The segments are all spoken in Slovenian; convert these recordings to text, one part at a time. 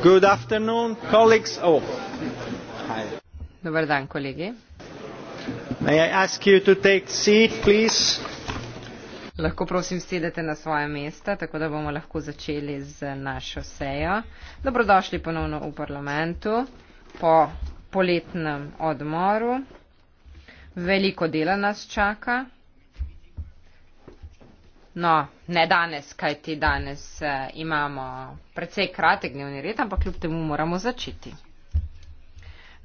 Oh. Dobar dan, kolegi. May I ask you to take seat, please? Lahko prosim sedete na svoje mesta, tako da bomo lahko začeli z našo sejo. Dobrodošli ponovno v parlamentu po poletnem odmoru. Veliko dela nas čaka. No, ne danes, kaj ti danes eh, imamo precej kratek dnevni red, ampak kljub temu moramo začeti.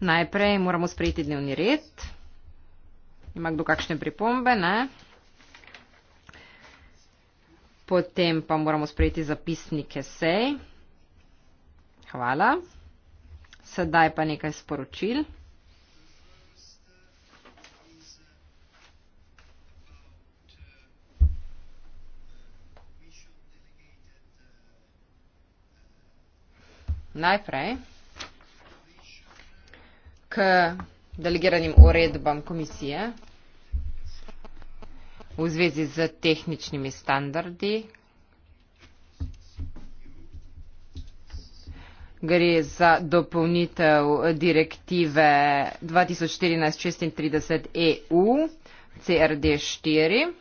Najprej moramo sprejeti dnevni red. Ima kdo kakšne pripombe? Ne? Potem pa moramo sprejeti zapisnike sej. Hvala. Sedaj pa nekaj sporočil. najprej k delegiranim uredbam komisije v zvezi z tehničnimi standardi. Gre za dopolnitev direktive 2014-36 EU CRD 4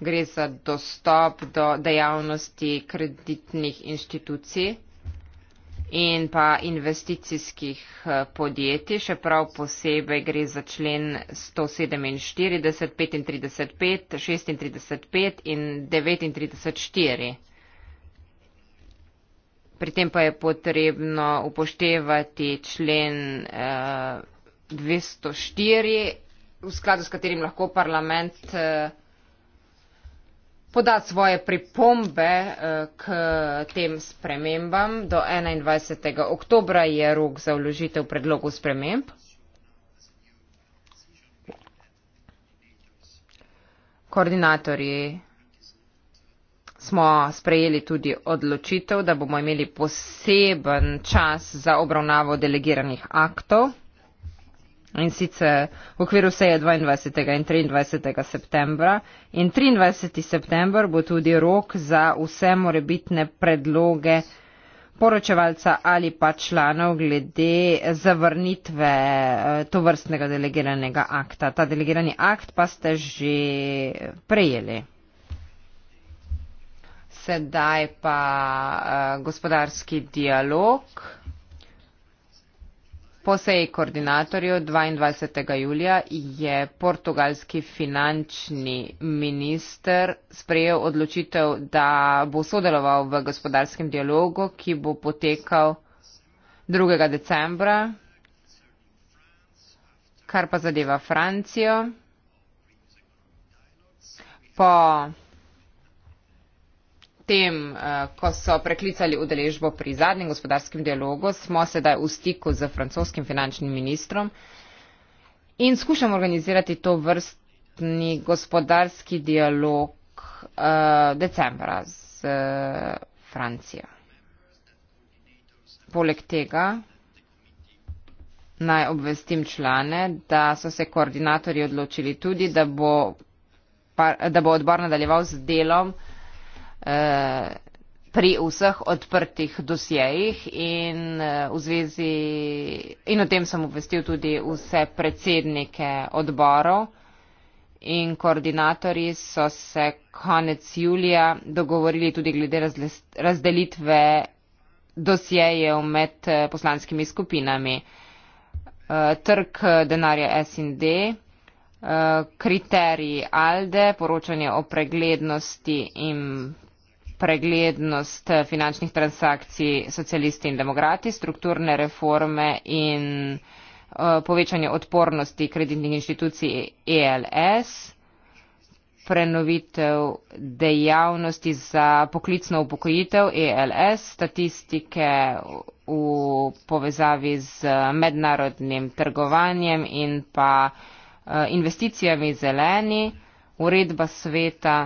gre za dostop do dejavnosti kreditnih inštitucij in pa investicijskih eh, podjetij, še prav posebej gre za člen 147, 35, 5, 36, 5 in 39, 4. Pri tem pa je potrebno upoštevati člen eh, 204, v skladu s katerim lahko parlament eh, podati svoje pripombe eh, k tem spremembam. Do 21. oktobra je rok za vložitev predlogov sprememb. Koordinatorji smo sprejeli tudi odločitev, da bomo imeli poseben čas za obravnavo delegiranih aktov in sicer v okviru seje 22. in 23. septembra. In 23. september bo tudi rok za vse morebitne predloge poročevalca ali pa članov glede zavrnitve eh, to vrstnega delegiranega akta. Ta delegirani akt pa ste že prejeli. Sedaj pa eh, gospodarski dialog. Po seji koordinatorjev 22. julija je portugalski finančni minister sprejel odločitev, da bo sodeloval v gospodarskem dialogu, ki bo potekal 2. decembra, kar pa zadeva Francijo. Po potem, eh, ko so preklicali udeležbo pri zadnjem gospodarskem dialogu, smo sedaj v stiku z francoskim finančnim ministrom in skušamo organizirati to vrstni gospodarski dialog uh, decembra z uh, Francijo. Poleg tega naj obvestim člane, da so se koordinatorji odločili tudi, da bo, da bo odbor nadaljeval z delom, Eh, pri vseh odprtih dosjejih in eh, v zvezi in o tem sem obvestil tudi vse predsednike odborov in koordinatorji so se konec julija dogovorili tudi glede razdelitve dosjejev med eh, poslanskimi skupinami. Trg denarja SND, kriteriji ALDE, poročanje o preglednosti in preglednost eh, finančnih transakcij socialisti in demokrati, strukturne reforme in eh, povečanje odpornosti kreditnih inštitucij ELS, prenovitev dejavnosti za poklicno upokojitev ELS, statistike v povezavi z mednarodnim trgovanjem in pa eh, investicijami zeleni, uredba sveta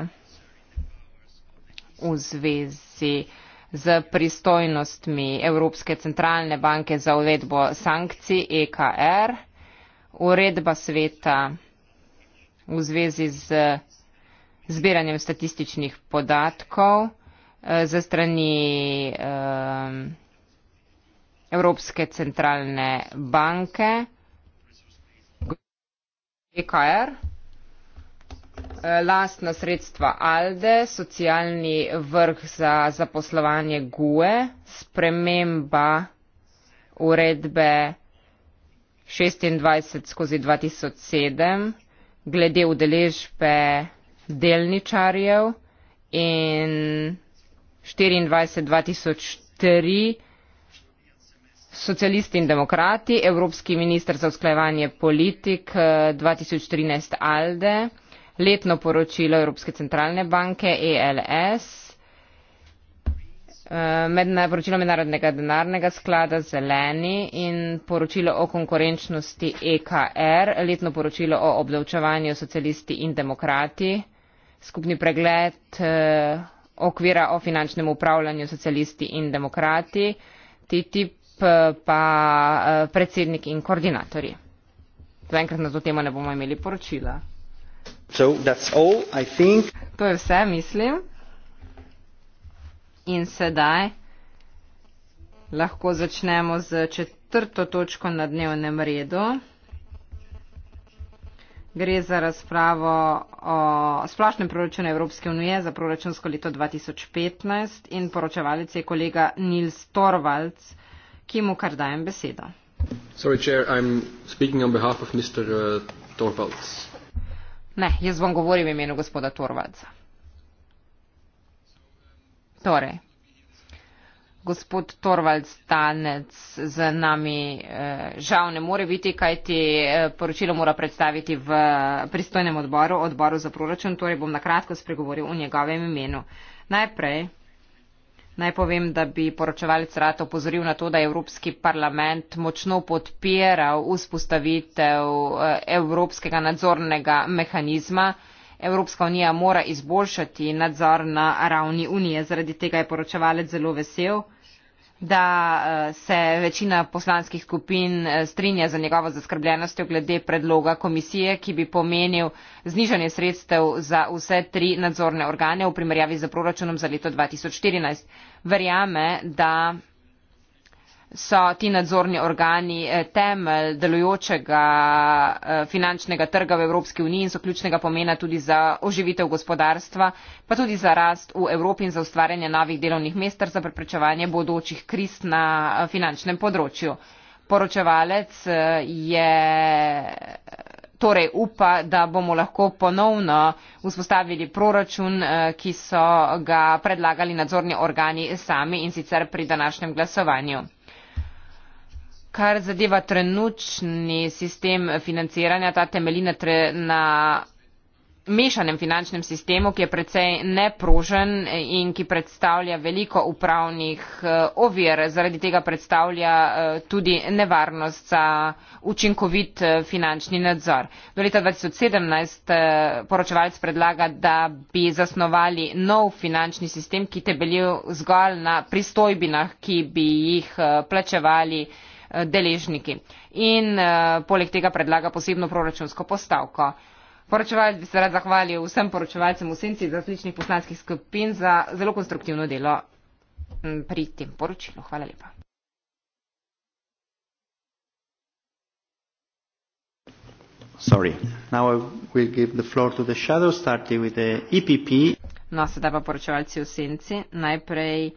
v zvezi z pristojnostmi Evropske centralne banke za uvedbo sankcij EKR, uredba sveta v zvezi z zbiranjem statističnih podatkov eh, za strani eh, Evropske centralne banke. EKR. Eh, lastna sredstva ALDE, socialni vrh za zaposlovanje GUE, sprememba uredbe 26 skozi 2007 glede udeležbe delničarjev in 24.2003 socialisti in demokrati, Evropski minister za usklajevanje politik 2013 eh, ALDE letno poročilo Evropske centralne banke ELS, eh, medna, poročilo Mednarodnega denarnega sklada Zeleni in poročilo o konkurenčnosti EKR, letno poročilo o obdavčevanju socialisti in demokrati, skupni pregled eh, okvira o finančnem upravljanju socialisti in demokrati, TTIP pa eh, predsednik in koordinatorji. Zaenkrat na to temo ne bomo imeli poročila. To je vse, mislim. In sedaj lahko začnemo z četrto točko na dnevnem redu. Gre za razpravo o splošnem proračunu Evropske unije za proračunsko leto 2015 in poročevalec je kolega Nils Torvalds, ki mu kar dajem besedo. Sorry, chair, Ne, jaz bom govoril v imenu gospoda Torvaldza. Torej, gospod Torvalds, danes z nami eh, žal ne more biti, kaj ti eh, poročilo mora predstaviti v pristojnem odboru, odboru za proračun, torej bom na kratko spregovoril v njegovem imenu. Najprej, Naj povem, da bi poročevalec rad opozoril na to, da je Evropski parlament močno podpiral vzpostavitev eh, Evropskega nadzornega mehanizma. Evropska unija mora izboljšati nadzor na ravni unije, zaradi tega je poročevalec zelo vesel da eh, se večina poslanskih skupin eh, strinja z njegovo zaskrbljenostjo glede predloga komisije, ki bi pomenil znižanje sredstev za vse tri nadzorne organe v primerjavi z proračunom za leto 2014. Verjame, da so ti nadzorni organi eh, temelj delujočega eh, finančnega trga v Evropski uniji in so ključnega pomena tudi za oživitev gospodarstva, pa tudi za rast v Evropi in za ustvarjanje novih delovnih mest ter za preprečevanje bodočih kriz na eh, finančnem področju. Poročevalec je torej upa, da bomo lahko ponovno vzpostavili proračun, ki so ga predlagali nadzorni organi sami in sicer pri današnjem glasovanju. Kar zadeva trenutni sistem financiranja, ta temelji na, tre, na mešanem finančnem sistemu, ki je precej neprožen in ki predstavlja veliko upravnih eh, ovir. Zaradi tega predstavlja eh, tudi nevarnost za učinkovit eh, finančni nadzor. Do leta 2017 poročevalc predlaga, da bi zasnovali nov finančni sistem, ki temeljil zgolj na pristojbinah, ki bi jih plačevali deležniki. In eh, poleg tega predlaga posebno proračunsko postavko. Poročevalec bi se rad zahvalil vsem poročevalcem v senci za različnih poslanskih skupin za zelo konstruktivno delo pri tem poročilu. Hvala lepa. Sorry. Now I will give the floor to the shadow starting with the EPP. No, sedaj pa poročevalci v senci. Najprej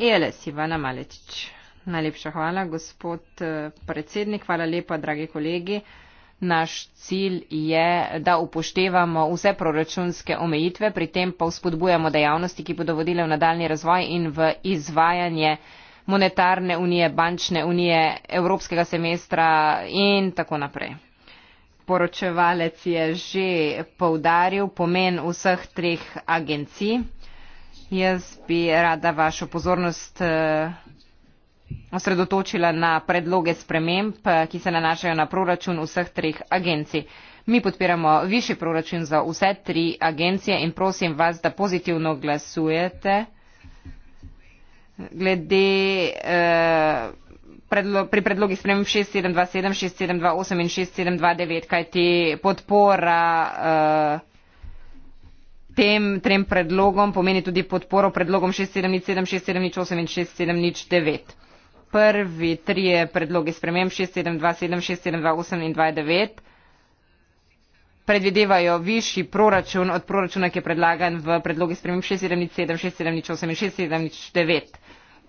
ELS Ivana Maletić. Najlepša hvala, gospod eh, predsednik. Hvala lepa, dragi kolegi. Naš cilj je, da upoštevamo vse proračunske omejitve, pri tem pa vzpodbujamo dejavnosti, ki bodo vodile v nadaljni razvoj in v izvajanje monetarne unije, bančne unije, evropskega semestra in tako naprej. Poročevalec je že povdaril pomen vseh treh agencij. Jaz bi rada vašo pozornost eh, osredotočila na predloge sprememb, eh, ki se nanašajo na proračun vseh treh agencij. Mi podpiramo višji proračun za vse tri agencije in prosim vas, da pozitivno glasujete glede eh, predlo, pri predlogih sprememb 6727, 6728 in 6729, kajti podpora. Eh, Tem trem predlogom pomeni tudi podporo predlogom 6707, 6708 in 6709 prvi tri predlogi sprememb 6727, 6728 in 2.9 predvidevajo višji proračun od proračuna, ki je predlagan v predlogi sprememb 6707, 6708 in 6709.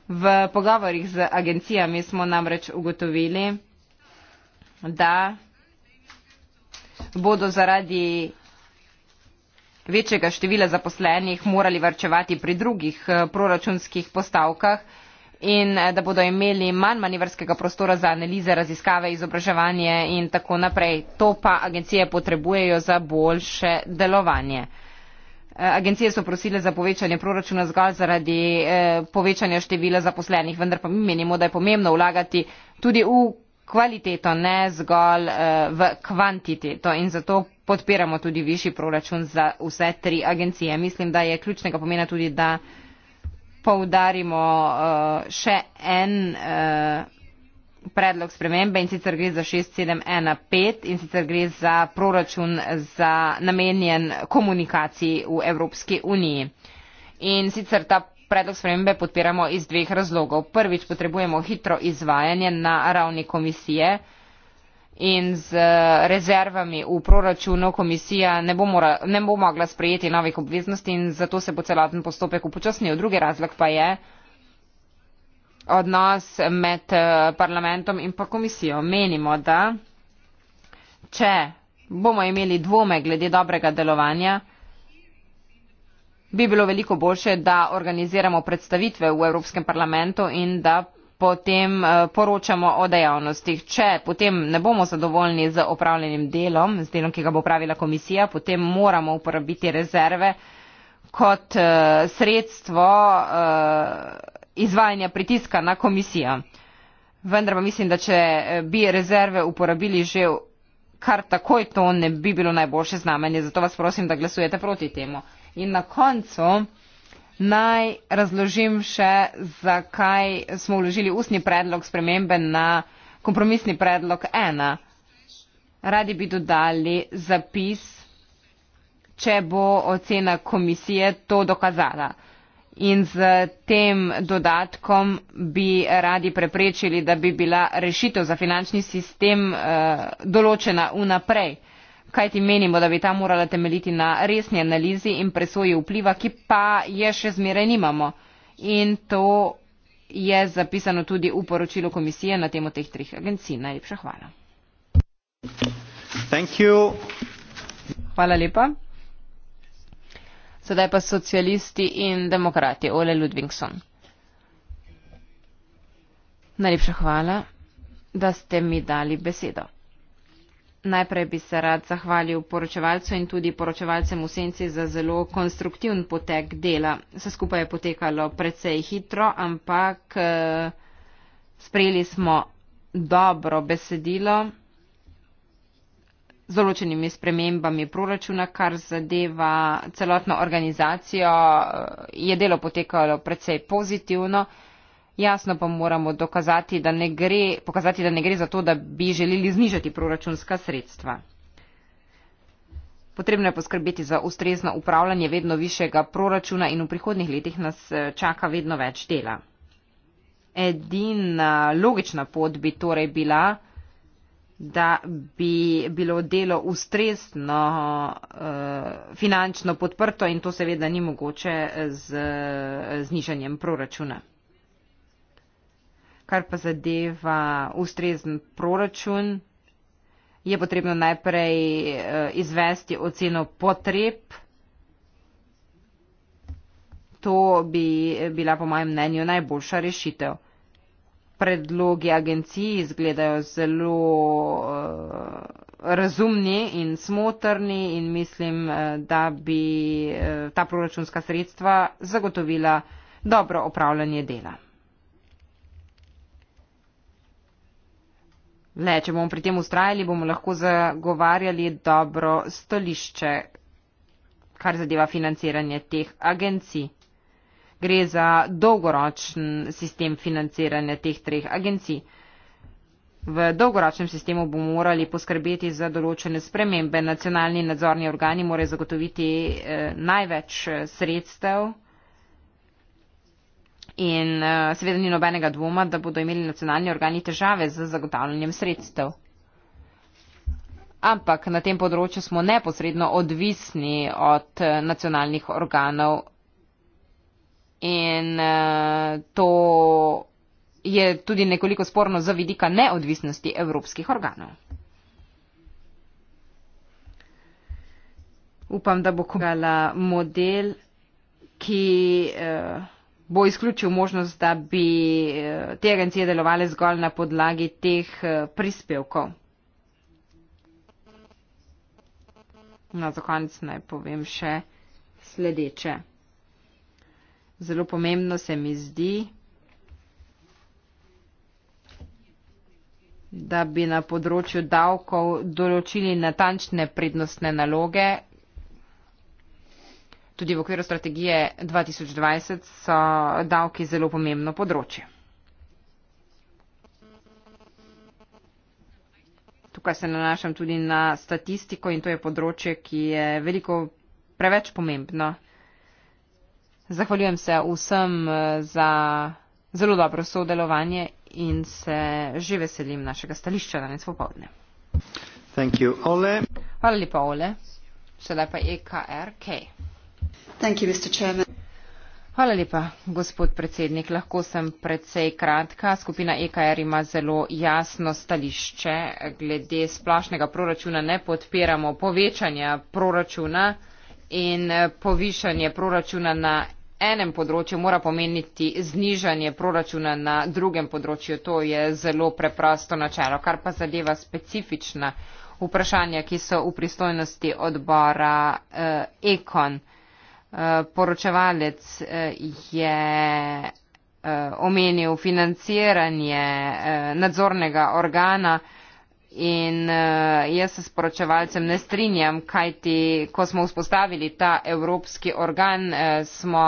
V pogovorjih z agencijami smo namreč ugotovili, da bodo zaradi večjega števila zaposlenih morali varčevati pri drugih eh, proračunskih postavkah, in eh, da bodo imeli manj manevrskega prostora za analize, raziskave, izobraževanje in tako naprej. To pa agencije potrebujejo za boljše delovanje. Eh, agencije so prosile za povečanje proračuna zgolj zaradi eh, povečanja števila zaposlenih, vendar pa mi menimo, da je pomembno vlagati tudi v kvaliteto, ne zgolj v kvantiteto in zato podpiramo tudi višji proračun za vse tri agencije. Mislim, da je ključnega pomena tudi, da poudarimo uh, še en uh, predlog spremembe in sicer gre za 6715 in sicer gre za proračun za namenjen komunikaciji v Evropski uniji. In sicer ta predlog spremembe podpiramo iz dveh razlogov. Prvič potrebujemo hitro izvajanje na ravni komisije, uh, in z rezervami v proračunu komisija ne bo, mora, ne bo mogla sprejeti novih obveznosti in zato se bo celoten postopek upočasnil. Drugi razlog pa je odnos med eh, parlamentom in pa komisijo. Menimo, da če bomo imeli dvome glede dobrega delovanja, bi bilo veliko boljše, da organiziramo predstavitve v Evropskem parlamentu in da potem eh, poročamo o dejavnostih. Če potem ne bomo zadovoljni z opravljenim delom, z delom, ki ga bo pravila komisija, potem moramo uporabiti rezerve kot eh, sredstvo eh, izvajanja pritiska na komisijo. Vendar pa mislim, da če bi rezerve uporabili že kar takoj, to ne bi bilo najboljše znamenje. Zato vas prosim, da glasujete proti temu. In na koncu. Naj razložim še, zakaj smo vložili ustni predlog spremembe na kompromisni predlog 1. Radi bi dodali zapis, če bo ocena komisije to dokazala. In z tem dodatkom bi radi preprečili, da bi bila rešitev za finančni sistem eh, določena vnaprej kajti menimo, da bi ta morala temeljiti na resni analizi in presoji vpliva, ki pa je še zmeraj nimamo. In to je zapisano tudi v poročilu komisije na temo teh treh agencij. Najlepša hvala. Hvala lepa. Sedaj pa socialisti in demokrati. Ole Ludvigson. Najlepša hvala, da ste mi dali besedo. Najprej bi se rad zahvalil poročevalcu in tudi poročevalcem v senci za zelo konstruktivn potek dela. Vse skupaj je potekalo precej hitro, ampak eh, sprejeli smo dobro besedilo z določenimi spremembami proračuna, kar zadeva celotno organizacijo. Eh, je delo potekalo precej pozitivno. Jasno pa moramo dokazati, da ne gre, pokazati, da ne gre za to, da bi želeli znižati proračunska sredstva. Potrebno je poskrbeti za ustrezno upravljanje vedno višjega proračuna in v prihodnih letih nas eh, čaka vedno več dela. Edina logična pot bi torej bila, da bi bilo delo ustrezno eh, finančno podprto in to seveda ni mogoče eh, z znižanjem proračuna kar pa zadeva ustrezen proračun, je potrebno najprej eh, izvesti oceno potreb. To bi bila po mojem mnenju najboljša rešitev. Predlogi agencij izgledajo zelo eh, razumni in smotrni in mislim, eh, da bi ta proračunska sredstva zagotovila dobro opravljanje dela. Le, če bomo pri tem ustrajali, bomo lahko zagovarjali dobro stališče, kar zadeva financiranje teh agencij. Gre za dolgoročen sistem financiranja teh treh agencij. V dolgoročnem sistemu bomo morali poskrbeti za določene spremembe. Nacionalni nadzorni organi morajo zagotoviti eh, največ eh, sredstev. In uh, seveda ni nobenega dvoma, da bodo imeli nacionalni organi težave z zagotavljanjem sredstev. Ampak na tem področju smo neposredno odvisni od eh, nacionalnih organov in uh, to je tudi nekoliko sporno za vidika neodvisnosti evropskih organov. Upam, da bo kogala model, ki. Uh, bo izključil možnost, da bi eh, te agencije delovale zgolj na podlagi teh eh, prispevkov. Na no, zakonc naj povem še sledeče. Zelo pomembno se mi zdi, da bi na področju davkov določili natančne prednostne naloge, Tudi v okviru strategije 2020 so davki zelo pomembno področje. Tukaj se nanašam tudi na statistiko in to je področje, ki je veliko preveč pomembno. Zahvaljujem se vsem eh, za zelo dobro sodelovanje in se že veselim našega stališča danes popovdne. Hvala lepa, Ole. Sedaj pa EKRK. Hvala lepa, gospod predsednik. Lahko sem predvsej kratka. Skupina EKR ima zelo jasno stališče glede splašnega proračuna. Ne podpiramo povečanja proračuna in eh, povišanje proračuna na enem področju mora pomeniti znižanje proračuna na drugem področju. To je zelo preprosto načelo. Kar pa zadeva specifična vprašanja, ki so v pristojnosti odbora eh, Ekon poročevalec eh, je eh, omenil financiranje eh, nadzornega organa in jaz se s poročevalcem ne strinjam, kajti ko smo vzpostavili ta evropski organ, smo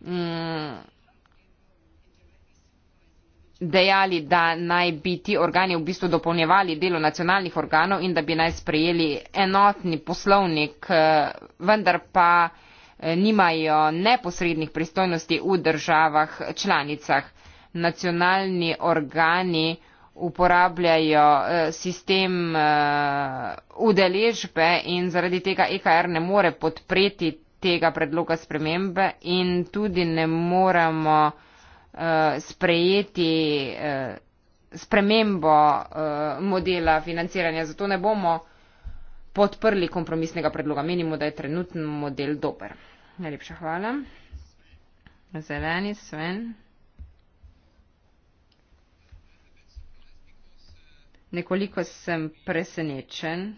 mm, dejali, da naj bi ti organi v bistvu dopolnjevali delo nacionalnih organov in da bi naj sprejeli enotni poslovnik, vendar pa je, Eh, nimajo neposrednih pristojnosti v državah članicah. Nacionalni organi uporabljajo eh, sistem eh, udeležbe in zaradi tega EKR ne more podpreti tega predloga spremembe in tudi ne moremo sprejeti spremembo modela financiranja. Zato ne bomo podprli kompromisnega predloga. Menimo, da je trenutni model dober. Najlepša hvala. Zeleni Sven. Nekoliko sem presenečen,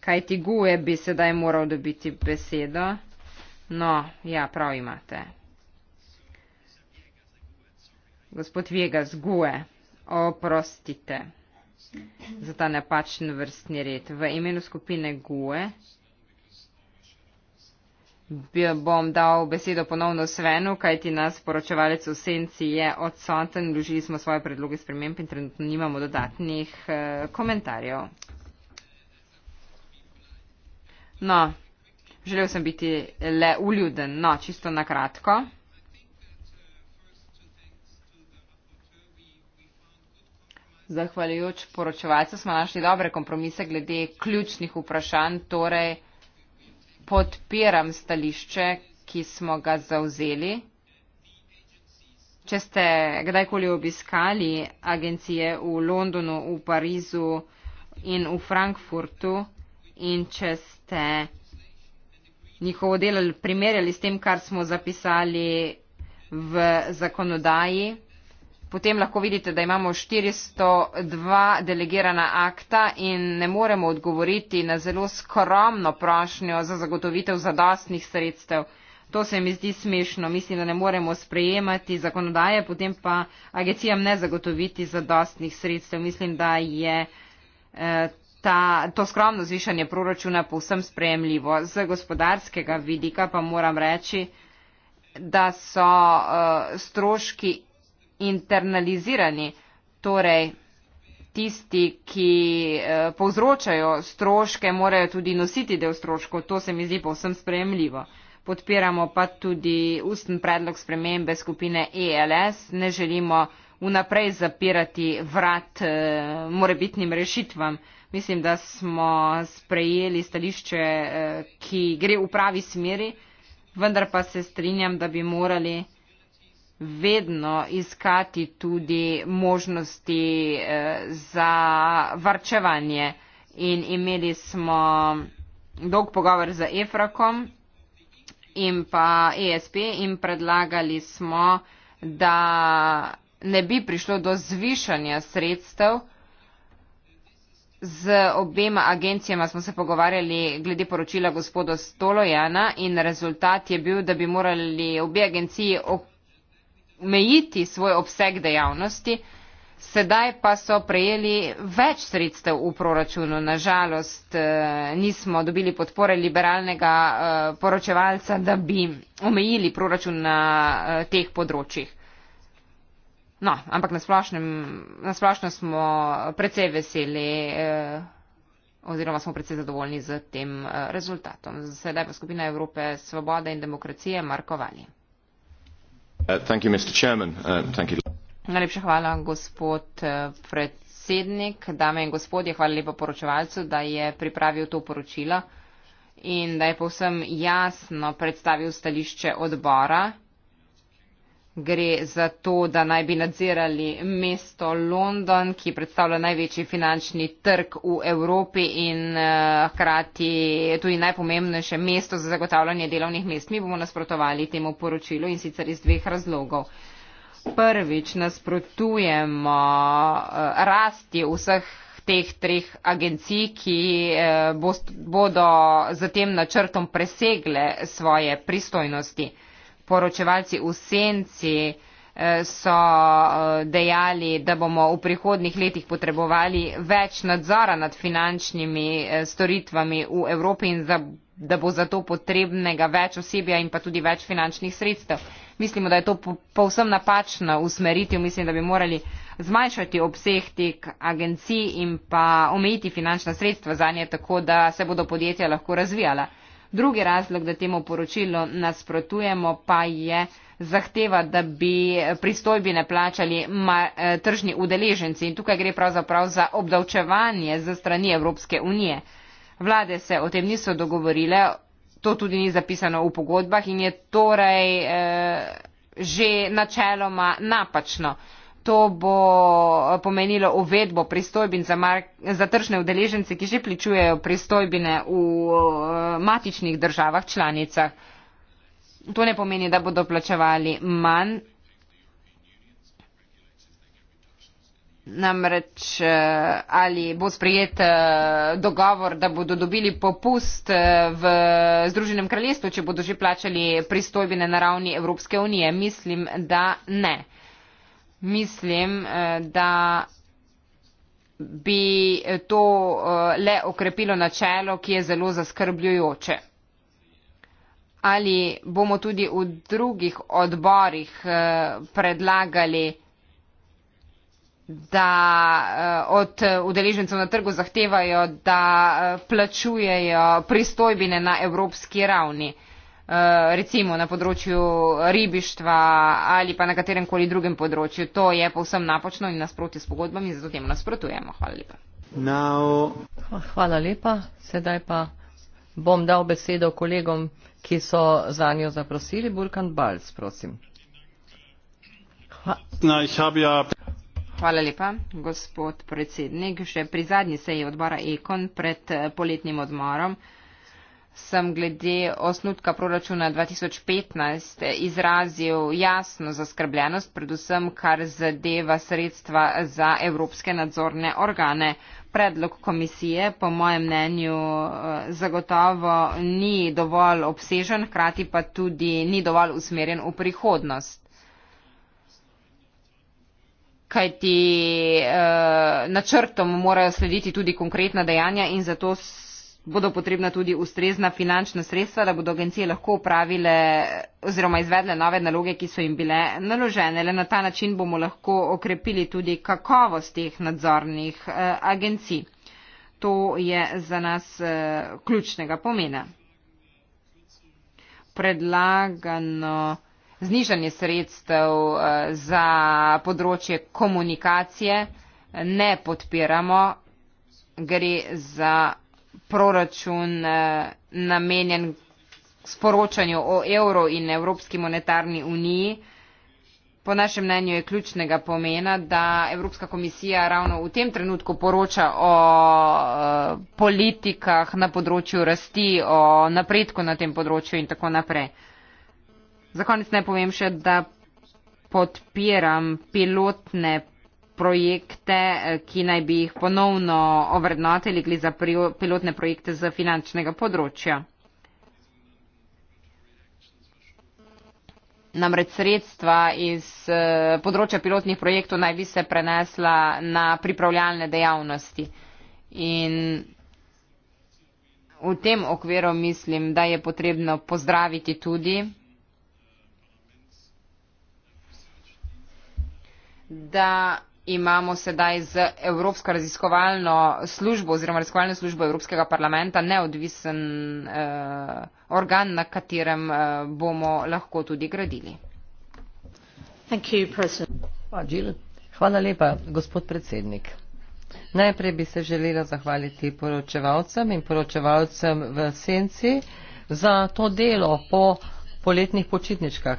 kaj ti guje bi sedaj moral dobiti besedo. No, ja, prav imate. Gospod Vegas, guje, oprostite za ta napačen vrstni red. V imenu skupine guje. Bom dal besedo ponovno Svenu, kajti nas poročevalec v senci je odsoten. Vložili smo svoje predloge sprememb in trenutno nimamo dodatnih eh, komentarjev. No, želel sem biti le uljuden. No, čisto na kratko. Zahvaljujoč poročevalcu smo našli dobre kompromise glede ključnih vprašanj, torej podpiram stališče, ki smo ga zauzeli. Če ste kdajkoli obiskali agencije v Londonu, v Parizu in v Frankfurtu in če ste njihovo delo primerjali s tem, kar smo zapisali v zakonodaji, potem lahko vidite, da imamo 402 delegirana akta in ne moremo odgovoriti na zelo skromno prošnjo za zagotovitev zadostnih sredstev. To se mi zdi smešno. Mislim, da ne moremo sprejemati zakonodaje, potem pa agencijam ne zagotoviti zadostnih sredstev. Mislim, da je eh, ta, to skromno zvišanje proračuna povsem sprejemljivo. Z gospodarskega vidika pa moram reči, da so uh, stroški internalizirani, torej tisti, ki eh, povzročajo stroške, morajo tudi nositi del stroškov. To se mi zdi povsem sprejemljivo. Podpiramo pa tudi usten predlog spremembe skupine ELS. Ne želimo vnaprej zapirati vrat eh, morebitnim rešitvam. Mislim, da smo sprejeli stališče, eh, ki gre v pravi smeri, vendar pa se strinjam, da bi morali vedno iskati tudi možnosti eh, za varčevanje. In imeli smo dolg pogovor z EFRAKom in pa ESP in predlagali smo, da ne bi prišlo do zvišanja sredstev. Z obema agencijama smo se pogovarjali glede poročila gospoda Stolojana in rezultat je bil, da bi morali obe agenciji okrepiti omejiti svoj obseg dejavnosti, sedaj pa so prejeli več sredstev v proračunu. Nažalost eh, nismo dobili podpore liberalnega eh, poročevalca, da bi omejili proračun na eh, teh področjih. No, ampak na, splošnem, na splošno smo precej veseli oziroma smo predvsej zadovoljni z tem rezultatom. Sedaj pa skupina Evrope, Svoboda in demokracije, Marko Valje. Uh, uh, najlepša hvala gospod uh, predsednik dame in gospodje hvala lepa poročevalcu da je pripravil to poročilo in da je povsem jasno predstavil stališče odbora Gre za to, da naj bi nadzirali mesto London, ki predstavlja največji finančni trg v Evropi in eh, hkrati tudi najpomembnejše mesto za zagotavljanje delovnih mest. Mi bomo nasprotovali temu poročilu in sicer iz dveh razlogov. Prvič nasprotujemo eh, rasti vseh teh treh agencij, ki eh, bodo za tem načrtom presegle svoje pristojnosti poročevalci v senci eh, so eh, dejali, da bomo v prihodnih letih potrebovali več nadzora nad finančnimi eh, storitvami v Evropi in za, da bo zato potrebnega več osebja in pa tudi več finančnih sredstev. Mislimo, da je to povsem napačno usmeriti, mislim, da bi morali zmanjšati obseg tih agencij in pa omejiti finančna sredstva za nje tako, da se bodo podjetja lahko razvijala. Drugi razlog, da temu poročilu nasprotujemo, pa je zahteva, da bi pristojbine plačali ma, eh, tržni udeleženci. In tukaj gre pravzaprav za obdavčevanje za strani Evropske unije. Vlade se o tem niso dogovorile, to tudi ni zapisano v pogodbah in je torej eh, že načeloma napačno. Eh, To bo eh, pomenilo uvedbo pristojbin za, za tržne udeležence, ki že pričujejo pristojbine v eh, matičnih državah članicah. To ne pomeni, da bodo plačevali manj. Namreč eh, ali bo sprejet dogovor, da bodo dobili popust v Združenem kraljestvu, če bodo že plačali pristojbine na ravni Evropske unije? Mislim, da ne mislim, eh, da bi eh, to eh, le okrepilo načelo, ki je zelo zaskrbljujoče. Ali bomo tudi v drugih odborih predlagali, da od udeležencev na trgu zahtevajo, da plačujejo pristojbine na evropski ravni. Eh, recimo na področju ribištva ali pa na katerem koli drugem področju. To je povsem napočno in nasprotje s pogodbami, zato temu nasprotujemo. Hvala lepa. Now... Ah, hvala lepa. Sedaj pa bom dal besedo kolegom, ki so za njo zaprosili. Burkan Balc, prosim. Hva... Ja- hvala lepa, gospod predsednik. Še pri zadnji seji odbora Ekon pred eh, poletnim odmorom sem glede osnutka proračuna 2015 izrazil jasno zaskrbljenost, predvsem kar zadeva sredstva za evropske nadzorne organe. Predlog komisije, po mojem mnenju, eh, zagotovo ni dovolj obsežen, hkrati pa tudi ni dovolj usmerjen v prihodnost. Kajti eh, načrtom morajo slediti tudi konkretna dejanja in zato bodo potrebna tudi ustrezna finančna sredstva, da bodo agencije lahko upravile oziroma izvedle nove naloge, ki so jim bile naložene. Le na ta način bomo lahko okrepili tudi kakovost teh nadzornih eh, agencij. To je za nas eh, ključnega pomena. Predlagano znižanje sredstev eh, za področje komunikacije ne podpiramo. Gre za proračun eh, namenjen sporočanju o evro in Evropski monetarni uniji. Po našem mnenju je ključnega pomena, da Evropska komisija ravno v tem trenutku poroča o e, politikah na področju rasti, o napredku na tem področju in tako naprej. Za konec naj povem še, da podpiram pilotne projekte, eh, ki naj bi jih ponovno ovrednotili, gli za pilotne projekte z finančnega področja. Namreč sredstva iz eh, področja pilotnih projektov naj bi se prenesla na pripravljalne dejavnosti. In v tem okviru mislim, da je potrebno pozdraviti tudi, da imamo sedaj z Evropsko raziskovalno službo oziroma raziskovalno službo Evropskega parlamenta neodvisen eh, organ, na katerem eh, bomo lahko tudi gradili. Hvala lepa, gospod predsednik. Najprej bi se želela zahvaliti poročevalcem in poročevalcem v Senci za to delo po poletnih počitničkah.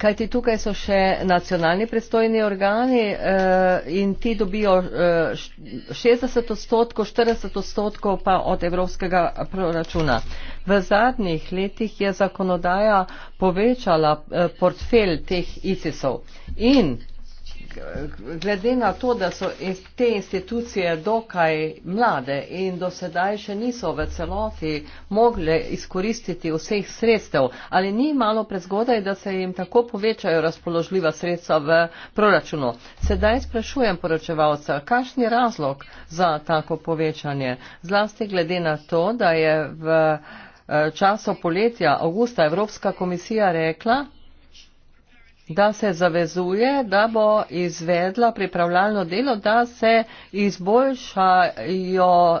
Kaj ti tukaj so še nacionalni predstojni organi eh, in ti dobijo eh, 60 odstotkov, 40 odstotkov pa od evropskega proračuna. V zadnjih letih je zakonodaja povečala eh, portfelj teh ISIS-ov in glede na to, da so te institucije dokaj mlade in do sedaj še niso v celoti mogle izkoristiti vseh sredstev, ali ni malo prezgodaj, da se jim tako povečajo razpoložljiva sredstva v proračunu. Sedaj sprašujem poročevalca, kakšen je razlog za tako povečanje, zlasti glede na to, da je v eh, času poletja avgusta Evropska komisija rekla, da se zavezuje, da bo izvedla pripravljalno delo, da se izboljšajo uh,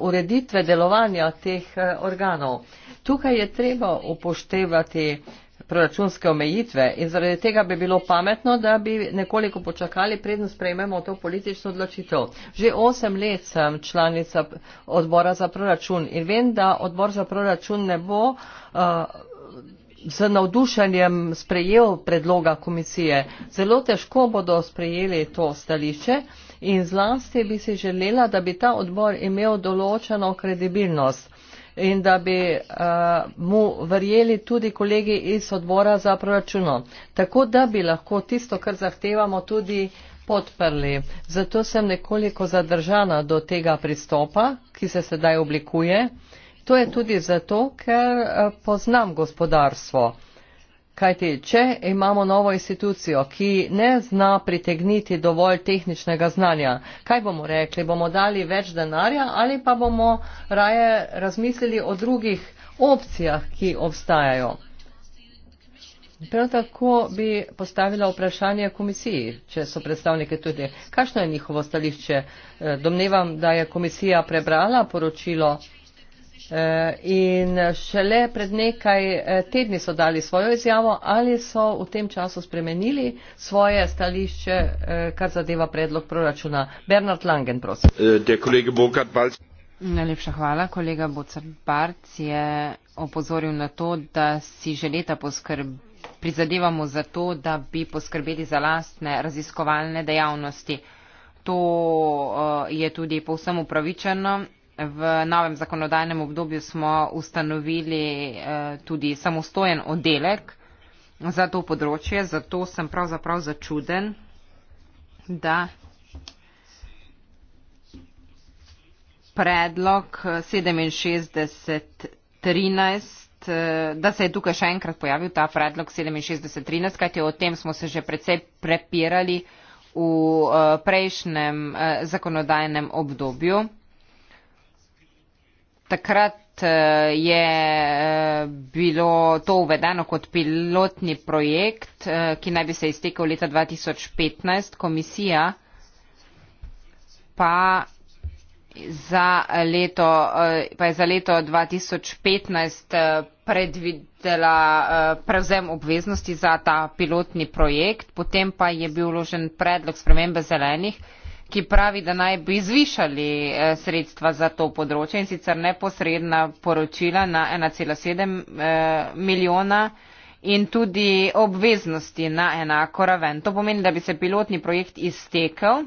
ureditve delovanja teh uh, organov. Tukaj je treba upoštevati proračunske omejitve in zaradi tega bi bilo pametno, da bi nekoliko počakali, predno sprejmemo to politično odločitev. Že osem let sem članica odbora za proračun in vem, da odbor za proračun ne bo. Uh, z navdušenjem sprejel predloga komisije. Zelo težko bodo sprejeli to stališče in zlasti bi si želela, da bi ta odbor imel določeno kredibilnost in da bi uh, mu verjeli tudi kolegi iz odbora za proračuno. Tako da bi lahko tisto, kar zahtevamo, tudi podprli. Zato sem nekoliko zadržana do tega pristopa, ki se sedaj oblikuje. To je tudi zato, ker eh, poznam gospodarstvo. Kajti, če imamo novo institucijo, ki ne zna pritegniti dovolj tehničnega znanja, kaj bomo rekli, bomo dali več denarja ali pa bomo raje razmislili o drugih opcijah, ki obstajajo. Prav tako bi postavila vprašanje komisiji, če so predstavniki tudi. Kakšno je njihovo stališče? Eh, domnevam, da je komisija prebrala poročilo. Eh, in šele pred nekaj eh, tedni so dali svojo izjavo ali so v tem času spremenili svoje stališče, eh, kar zadeva predlog proračuna. Bernard Langen, prosim. Najlepša hvala. Kolega Bocrbarc je opozoril na to, da si že leta poskrb, prizadevamo za to, da bi poskrbeli za lastne raziskovalne dejavnosti. To uh, je tudi povsem upravičeno V novem zakonodajnem obdobju smo ustanovili eh, tudi samostojen oddelek za to področje, zato sem pravzaprav začuden, da predlog 67.13, eh, da se je tukaj še enkrat pojavil ta predlog 67.13, kajti o tem smo se že precej prepirali v eh, prejšnjem zakonodajnem obdobju. Takrat eh, je eh, bilo to uvedeno kot pilotni projekt, eh, ki naj bi se iztekel leta 2015. Komisija pa, za leto, pa je za leto 2015 predvidela prevzem obveznosti za ta pilotni projekt, potem pa je bil vložen predlog spremembe zelenih ki pravi, da naj bi zvišali eh, sredstva za to področje in sicer neposredna poročila na 1,7 eh, milijona in tudi obveznosti na enako raven. To pomeni, da bi se pilotni projekt iztekel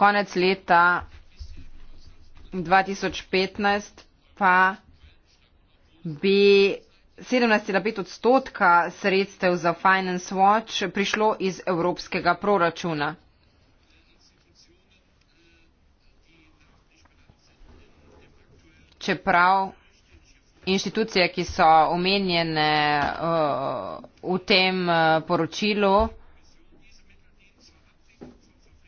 konec leta 2015 pa bi 17,5 odstotka sredstev za Finance Watch prišlo iz evropskega proračuna. Čeprav inštitucije, ki so omenjene uh, v tem uh, poročilu,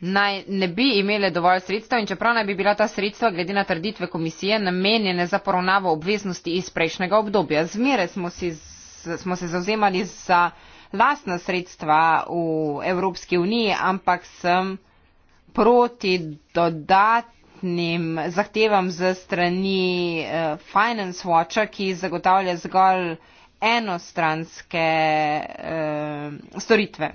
naj ne bi imele dovolj sredstev in čeprav naj bi bila ta sredstva glede na trditve komisije namenjene za poravnavo obveznosti iz prejšnjega obdobja. Zmere smo, si, smo se zauzemali za lastna sredstva v Evropski uniji, ampak sem proti dodatnim zahtevam z strani eh, Finance Watcha, ki zagotavlja zgolj enostranske eh, storitve.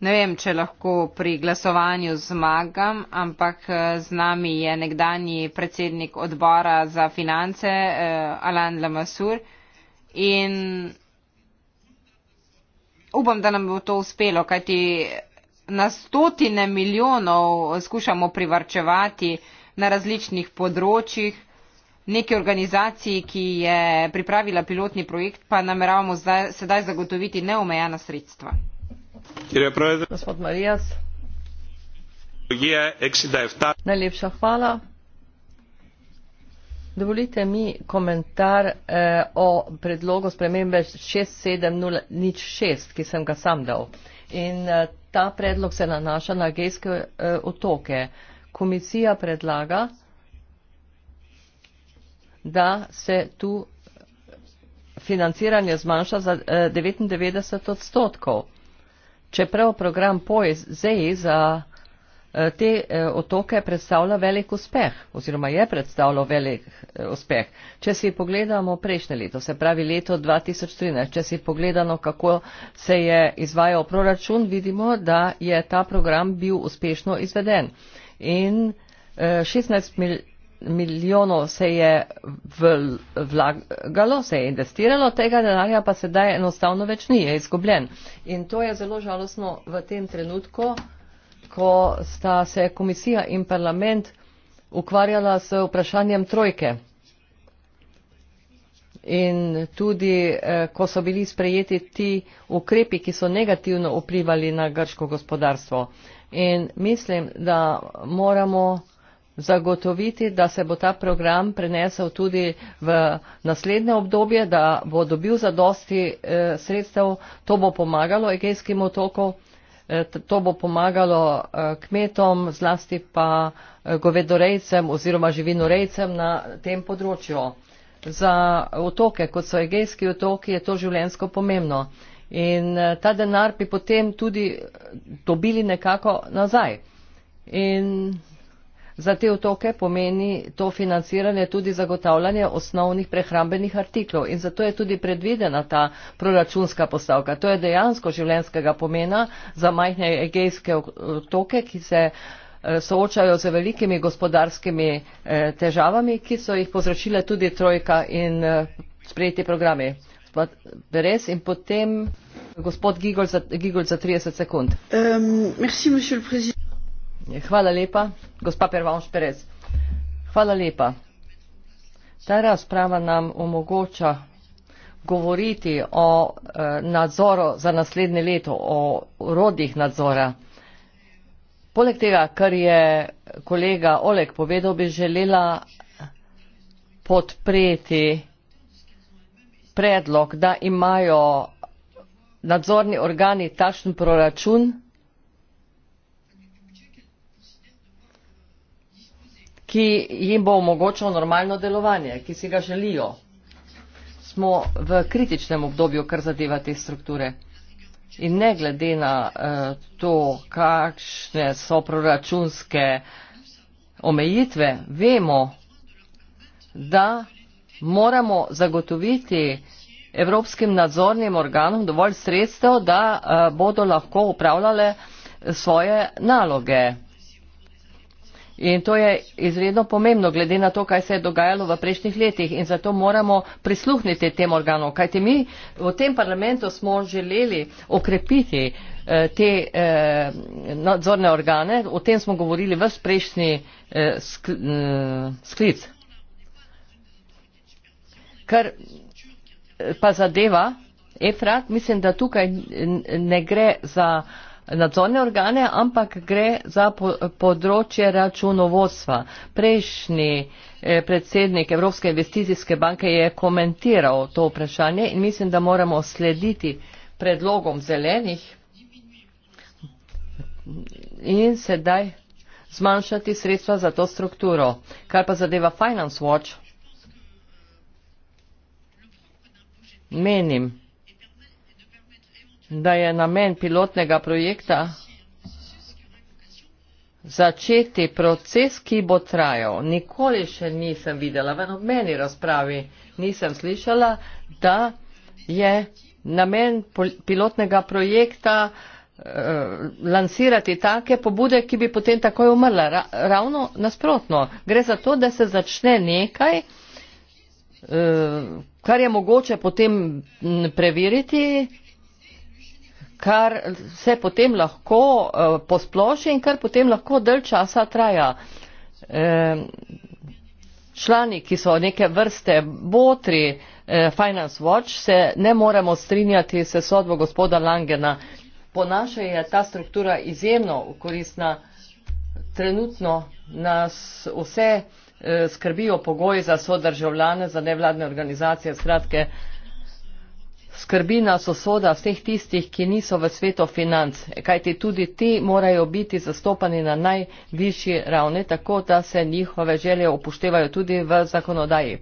Ne vem, če lahko pri glasovanju zmagam, ampak eh, z nami je nekdani predsednik odbora za finance eh, Alan Lamasur in upam, da nam bo to uspelo, kajti na stotine milijonov skušamo privarčevati na različnih področjih. Neki organizaciji, ki je pripravila pilotni projekt, pa nameravamo zdaj, sedaj zagotoviti neomejena sredstva gospod marias najlepša hvala dovolite mi komentar eh, o predlogu spremembe šest sedem nič šest ki sem ga sam dal in eh, ta predlog se nanaša na gejske eh, otoke komisija predlaga da se tu financiranje zmanjša za eh, 99 odstotkov. Čeprav program POEZEI za eh, te eh, otoke predstavlja velik uspeh oziroma je predstavljal velik eh, uspeh. Če si pogledamo prejšnje leto, se pravi leto 2013, če si pogledamo, kako se je izvajal proračun, vidimo, da je ta program bil uspešno izveden. In 16 milijonov milijonov se je vlagalo, se je investiralo, tega denarja pa sedaj enostavno več ni, je izgubljen. In to je zelo žalostno v tem trenutku, ko sta se komisija in parlament ukvarjala s vprašanjem trojke. In tudi, eh, ko so bili sprejeti ti ukrepi, ki so negativno vplivali na grško gospodarstvo. In mislim, da moramo zagotoviti, da se bo ta program prenesel tudi v naslednje obdobje, da bo dobil zadosti eh, sredstev. To bo pomagalo Egejskim otokom, eh, to bo pomagalo eh, kmetom, zlasti pa eh, govedorejcem oziroma živinorejcem na tem področju. Za otoke, kot so Egejski otoki, je to življensko pomembno. In eh, ta denar bi potem tudi eh, dobili nekako nazaj. In za te otoke pomeni to financiranje tudi zagotavljanje osnovnih prehrambenih artiklov in zato je tudi predvidena ta proračunska postavka. To je dejansko življenskega pomena za majhne egejske otoke, ki se eh, soočajo z velikimi gospodarskimi eh, težavami, ki so jih povzročile tudi trojka in eh, sprejeti programi. Beres in potem gospod Gigol za, Gigol za 30 sekund. Um, merci, Hvala lepa, gospa Pervanš Perez. Hvala lepa. Ta razprava nam omogoča govoriti o e, nadzoru za naslednje leto, o rodih nadzora. Poleg tega, kar je kolega Oleg povedal, bi želela podpreti predlog, da imajo nadzorni organi takšen proračun, ki jim bo omogočal normalno delovanje, ki si ga želijo. Smo v kritičnem obdobju, kar zadeva te strukture. In ne glede na eh, to, kakšne so proračunske omejitve, vemo, da moramo zagotoviti evropskim nadzornim organom dovolj sredstev, da eh, bodo lahko upravljale eh, svoje naloge. In to je izredno pomembno, glede na to, kaj se je dogajalo v prejšnjih letih. In zato moramo prisluhniti tem organom. Kajti mi v tem parlamentu smo želeli okrepiti eh, te eh, nadzorne organe. O tem smo govorili v prejšnji eh, eh, sklic. Kar eh, pa zadeva EFRAT, mislim, da tukaj ne gre za. Eh, nadzorne organe, ampak gre za področje računovodstva. Prejšnji eh, predsednik Evropske investicijske banke je komentiral to vprašanje in mislim, da moramo slediti predlogom zelenih in sedaj zmanjšati sredstva za to strukturo. Kar pa zadeva Finance Watch, menim, da je namen pilotnega projekta začeti proces, ki bo trajal. Nikoli še nisem videla, v nobeni razpravi nisem slišala, da je namen pilotnega projekta eh, lansirati take pobude, ki bi potem takoj umrla. Ravno nasprotno. Gre za to, da se začne nekaj, eh, kar je mogoče potem preveriti, kar se potem lahko eh, posploši in kar potem lahko del časa traja. Eh, člani, ki so neke vrste botri eh, Finance Watch, se ne moremo strinjati se sodbo gospoda Langena. Po našej je ta struktura izjemno koristna. Trenutno nas vse skrbijo pogoji za sodržavljane, za nevladne organizacije, skratke skrbi nas osoda vseh tistih, ki niso v svetu financ, kajti tudi ti morajo biti zastopani na najvišji ravni, tako da se njihove želje upoštevajo tudi v zakonodaji.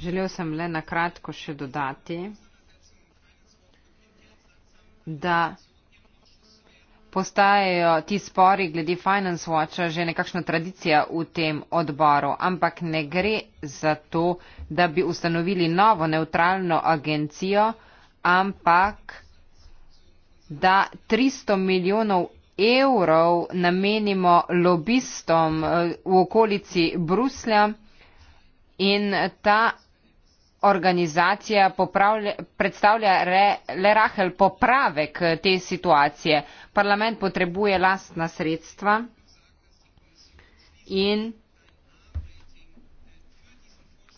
Želel sem le na kratko še dodati, da postajajo ti spori glede Finance Watcha že nekakšna tradicija v tem odboru, ampak ne gre za to, da bi ustanovili novo neutralno agencijo, ampak da 300 milijonov evrov namenimo lobistom eh, v okolici Bruslja in ta organizacija predstavlja re, le rahel popravek eh, te situacije. Parlament potrebuje lastna sredstva in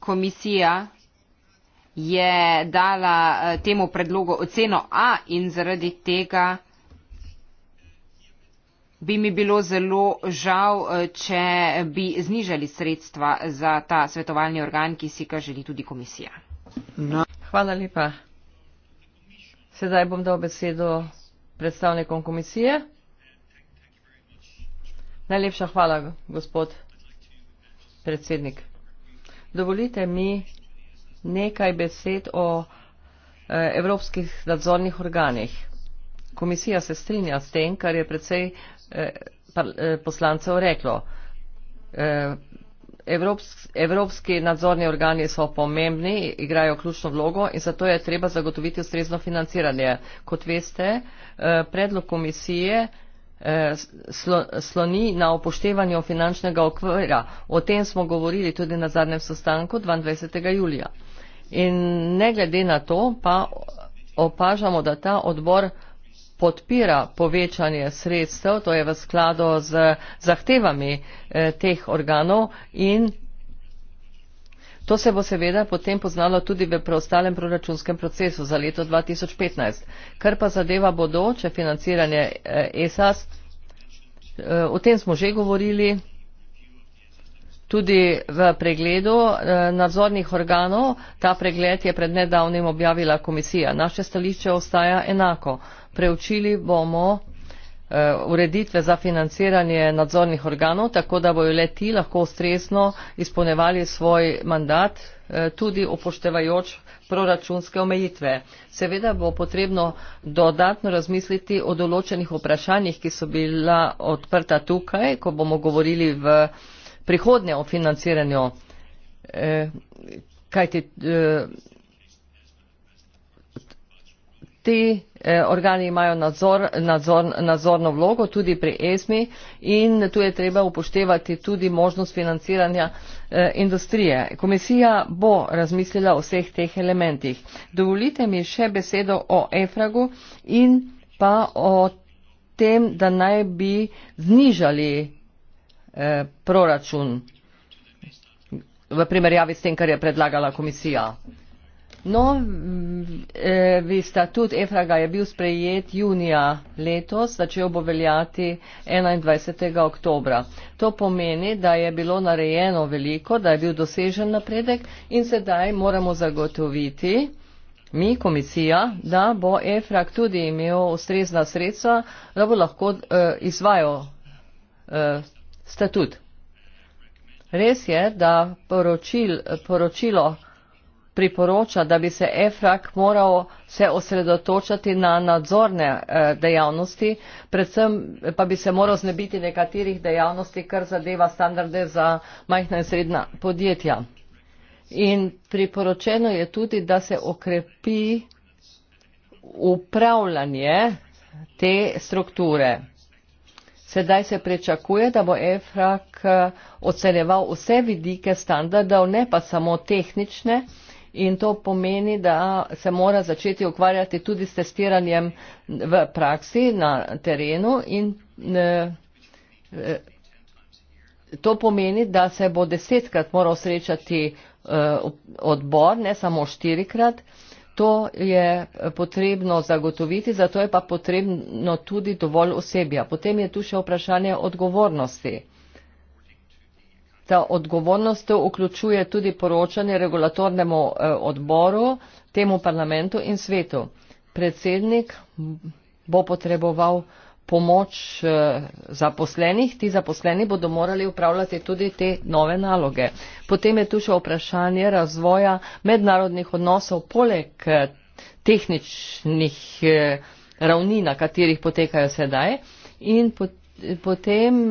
komisija je dala eh, temu predlogu oceno A in zaradi tega bi mi bilo zelo žal, eh, če bi znižali sredstva za ta svetovalni organ, ki si ga želi tudi komisija. No. Hvala lepa. Sedaj bom dal besedo predstavnikom komisije. Najlepša hvala, gospod predsednik. Dovolite mi nekaj besed o eh, evropskih nadzornih organih. Komisija se strinja s tem, kar je predvsej Eh, eh, poslancev reklo. Eh, evropski nadzorni organi so pomembni, igrajo ključno vlogo in zato je treba zagotoviti ustrezno financiranje. Kot veste, predlog komisije sloni na upoštevanju finančnega okvira. O tem smo govorili tudi na zadnjem sestanku 22. julija. In ne glede na to, pa opažamo, da ta odbor podpira povečanje sredstev, to je v skladu z zahtevami eh, teh organov in to se bo seveda potem poznalo tudi v preostalem proračunskem procesu za leto 2015. Kar pa zadeva bodoče financiranje eh, ESAS, eh, o tem smo že govorili. Tudi v pregledu nadzornih organov ta pregled je pred nedavnim objavila komisija. Naše stališče ostaja enako preučili bomo eh, ureditve za financiranje nadzornih organov, tako da bojo le ti lahko stresno izpolnevali svoj mandat, eh, tudi upoštevajoč proračunske omejitve. Seveda bo potrebno dodatno razmisliti o določenih vprašanjih, ki so bila odprta tukaj, ko bomo govorili v prihodnje o financiranju. Eh, kajti, ti eh, organi imajo nadzor, nadzor, nadzorno vlogo tudi pri ESMI in tu je treba upoštevati tudi možnost financiranja eh, industrije. Komisija bo razmislila o vseh teh elementih. Dovolite mi še besedo o EFRAGu in pa o tem, da naj bi znižali eh, proračun v primerjavi s tem, kar je predlagala komisija. No, e, vi sta tudi Efraga je bil sprejet junija letos, začel bo veljati 21. oktobra. To pomeni, da je bilo narejeno veliko, da je bil dosežen napredek in sedaj moramo zagotoviti mi, komisija, da bo Efrag tudi imel ustrezna sredstva, da bo lahko uh, izvajal uh, statut. Res je, da poročil, poročilo priporoča, da bi se EFRAK moral se osredotočati na nadzorne eh, dejavnosti, predvsem pa bi se moral znebiti nekaterih dejavnosti, kar zadeva standarde za majhna in srednja podjetja. In priporočeno je tudi, da se okrepi upravljanje te strukture. Sedaj se prečakuje, da bo EFRAK eh, ocenjeval vse vidike standardov, ne pa samo tehnične, in to pomeni, da se mora začeti ukvarjati tudi s testiranjem v praksi na terenu in eh, to pomeni, da se bo desetkrat moral srečati eh, odbor, ne samo štirikrat. To je potrebno zagotoviti, zato je pa potrebno tudi dovolj osebja. Potem je tu še vprašanje odgovornosti. Ta odgovornost vključuje tudi poročanje regulatornemu eh, odboru, temu parlamentu in svetu. Predsednik bo potreboval pomoč eh, zaposlenih, ti zaposleni bodo morali upravljati tudi te nove naloge. Potem je tu še vprašanje razvoja mednarodnih odnosov poleg eh, tehničnih ravni, na katerih potekajo sedaj. In potem,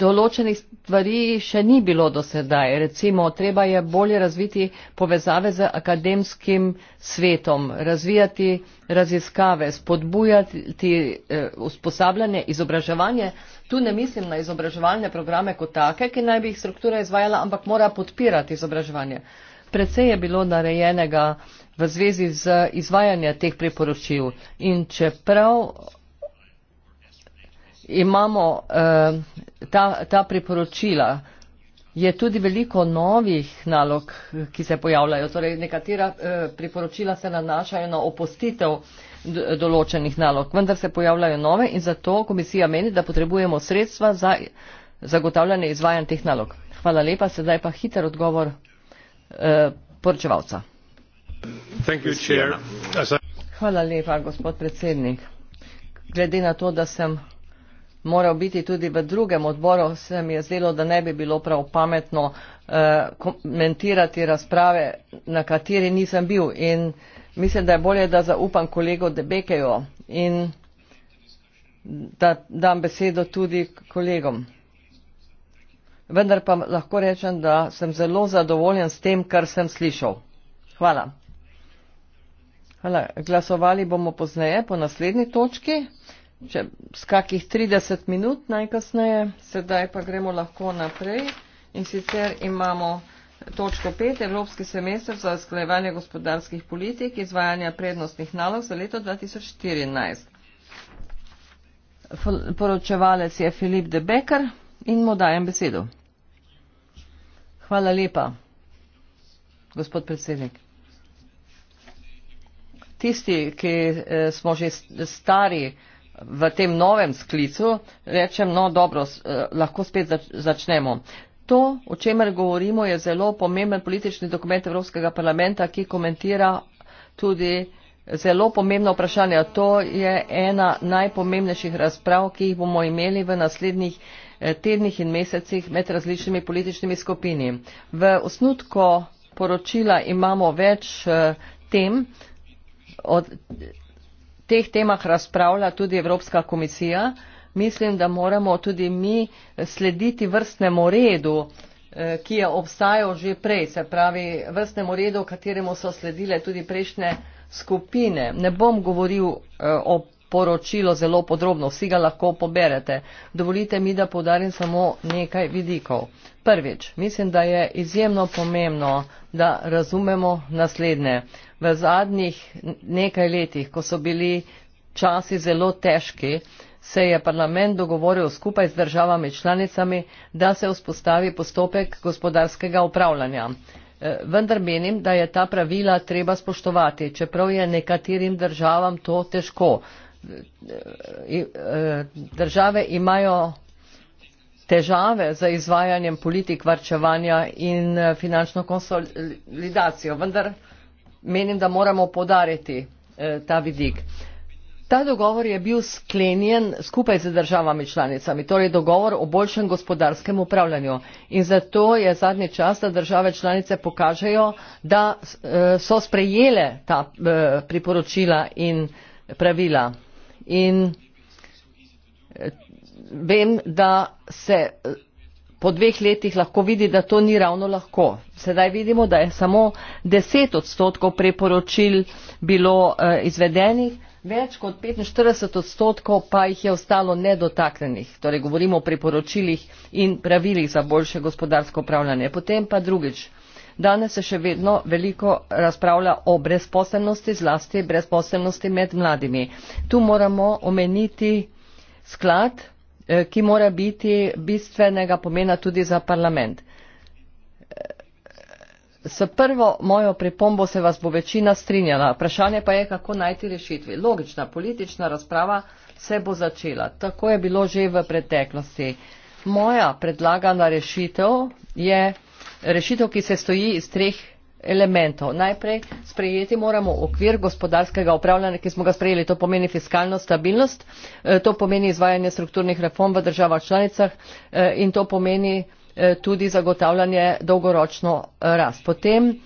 določenih stvari še ni bilo dosedaj. Recimo, treba je bolje razviti povezave z akademskim svetom, razvijati raziskave, spodbujati eh, usposabljanje, izobraževanje. Tu ne mislim na izobraževalne programe kot take, ki naj bi jih struktura izvajala, ampak mora podpirati izobraževanje. Predvsej je bilo narejenega v zvezi z izvajanjem teh priporočil in čeprav imamo eh, ta, ta priporočila, je tudi veliko novih nalog, ki se pojavljajo. Torej, nekatera eh, priporočila se nanašajo na opustitev določenih nalog, vendar se pojavljajo nove in zato komisija meni, da potrebujemo sredstva za zagotavljanje izvajan teh nalog. Hvala lepa, sedaj pa hiter odgovor eh, poročevalca. Hvala lepa, gospod predsednik. Glede na to, da sem moral biti tudi v drugem odboru, se mi je zdelo, da ne bi bilo prav pametno eh, komentirati razprave, na kateri nisem bil. In mislim, da je bolje, da zaupam kolego Debekejo in da dam besedo tudi kolegom. Vendar pa lahko rečem, da sem zelo zadovoljen s tem, kar sem slišal. Hvala. Hvala. Glasovali bomo pozneje po naslednji točki. Če z kakih 30 minut najkasneje, sedaj pa gremo lahko naprej. In sicer imamo točko 5, Evropski semester za sklejevanje gospodarskih politik, izvajanja prednostnih nalog za leto 2014. Poročevalec je Filip De Becker in mu dajem besedo. Hvala lepa, gospod predsednik. Tisti, ki eh, smo že stari, v tem novem sklicu, rečem, no dobro, eh, lahko spet začnemo. To, o čemer govorimo, je zelo pomemben politični dokument Evropskega parlamenta, ki komentira tudi zelo pomembno vprašanje. To je ena najpomembnejših razprav, ki jih bomo imeli v naslednjih eh, tednih in mesecih med različnimi političnimi skupini. V osnutku poročila imamo več eh, tem. Od, teh temah razpravlja tudi Evropska komisija. Mislim, da moramo tudi mi slediti vrstnemu redu, eh, ki je obstajal že prej, se pravi vrstnemu redu, kateremu so sledile tudi prejšnje skupine. Ne bom govoril eh, o poročilo zelo podrobno, vsi ga lahko poberete. Dovolite mi, da podarim samo nekaj vidikov. Prvič, mislim, da je izjemno pomembno, da razumemo naslednje v zadnjih nekaj letih, ko so bili časi zelo težki, se je parlament dogovoril skupaj z državami članicami, da se vzpostavi postopek gospodarskega upravljanja. E, vendar menim, da je ta pravila treba spoštovati, čeprav je nekaterim državam to težko. E, e, države imajo težave za izvajanjem politik varčevanja in finančno konsolidacijo, vendar menim, da moramo podariti eh, ta vidik. Ta dogovor je bil sklenjen skupaj z državami članicami, torej dogovor o boljšem gospodarskem upravljanju. In zato je zadnji čas, da države članice pokažejo, da eh, so sprejele ta eh, priporočila in pravila. In vem, da se po dveh letih lahko vidi, da to ni ravno lahko. Sedaj vidimo, da je samo deset odstotkov preporočil bilo eh, izvedenih, več kot 45 odstotkov pa jih je ostalo nedotaknjenih. Torej govorimo o preporočilih in pravilih za boljše gospodarsko upravljanje. Potem pa drugič. Danes se še vedno veliko razpravlja o brezposelnosti, zlasti brezposelnosti med mladimi. Tu moramo omeniti sklad, Eh, ki mora biti bistvenega pomena tudi za parlament. Eh, s prvo mojo pripombo se vas bo večina strinjala. Vprašanje pa je, kako najti rešitvi. Logična politična razprava se bo začela. Tako je bilo že v preteklosti. Moja predlagana rešitev je rešitev, ki se stoji iz treh elementov. Najprej sprejeti moramo okvir gospodarskega upravljanja, ki smo ga sprejeli. To pomeni fiskalno stabilnost, e, to pomeni izvajanje strukturnih reform v državah članicah e, in to pomeni e, tudi zagotavljanje dolgoročno rast. Potem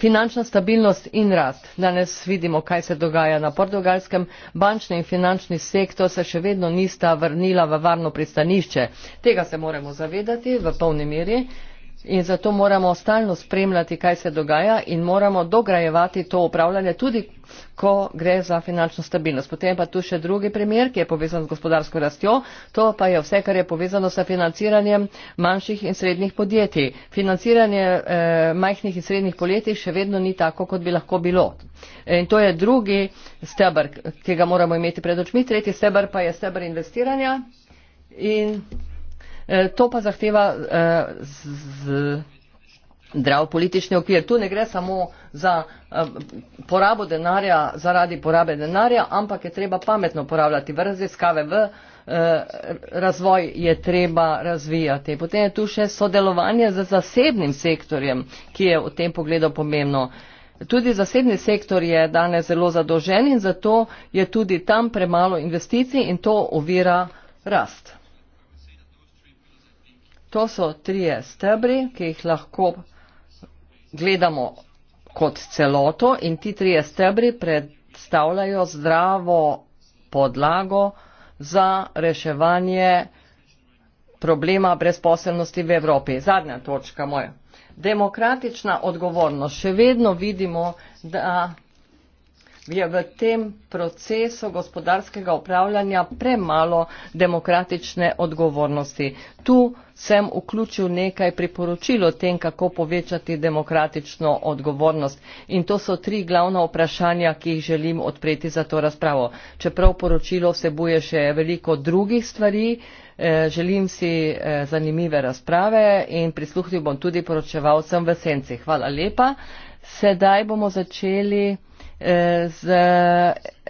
finančna stabilnost in rast. Danes vidimo, kaj se dogaja na portugalskem. Bančni in finančni sektor se še vedno nista vrnila v varno pristanišče. Tega se moramo zavedati v polni meri in zato moramo stalno spremljati, kaj se dogaja in moramo dograjevati to upravljanje, tudi ko gre za finančno stabilnost. Potem pa tu še drugi primer, ki je povezan z gospodarsko rastjo, to pa je vse, kar je povezano s financiranjem manjših in srednjih podjetij. Financiranje eh, majhnih in srednjih podjetij še vedno ni tako, kot bi lahko bilo. In to je drugi stebr, ki ga moramo imeti pred očmi. Tretji stebr pa je stebr investiranja. In Eh, to pa zahteva eh, zdrav politični okvir. Tu ne gre samo za eh, porabo denarja zaradi porabe denarja, ampak je treba pametno porabljati v raziskave, v razvoj je treba razvijati. Potem je tu še sodelovanje z zasebnim sektorjem, ki je v tem pogledu pomembno. Tudi zasebni sektor je danes zelo zadolžen in zato je tudi tam premalo investicij in to ovira rast. To so trije stebri, ki jih lahko gledamo kot celoto in ti trije stebri predstavljajo zdravo podlago za reševanje problema brezposelnosti v Evropi. Zadnja točka moja. Demokratična odgovornost. Še vedno vidimo, da je v tem procesu gospodarskega upravljanja premalo demokratične odgovornosti. Tu sem vključil nekaj priporočil o tem, kako povečati demokratično odgovornost. In to so tri glavna vprašanja, ki jih želim odpreti za to razpravo. Čeprav poročilo vsebuje še veliko drugih stvari, eh, želim si eh, zanimive razprave in prisluhnil bom tudi poročevalcem v senci. Hvala lepa. Sedaj bomo začeli z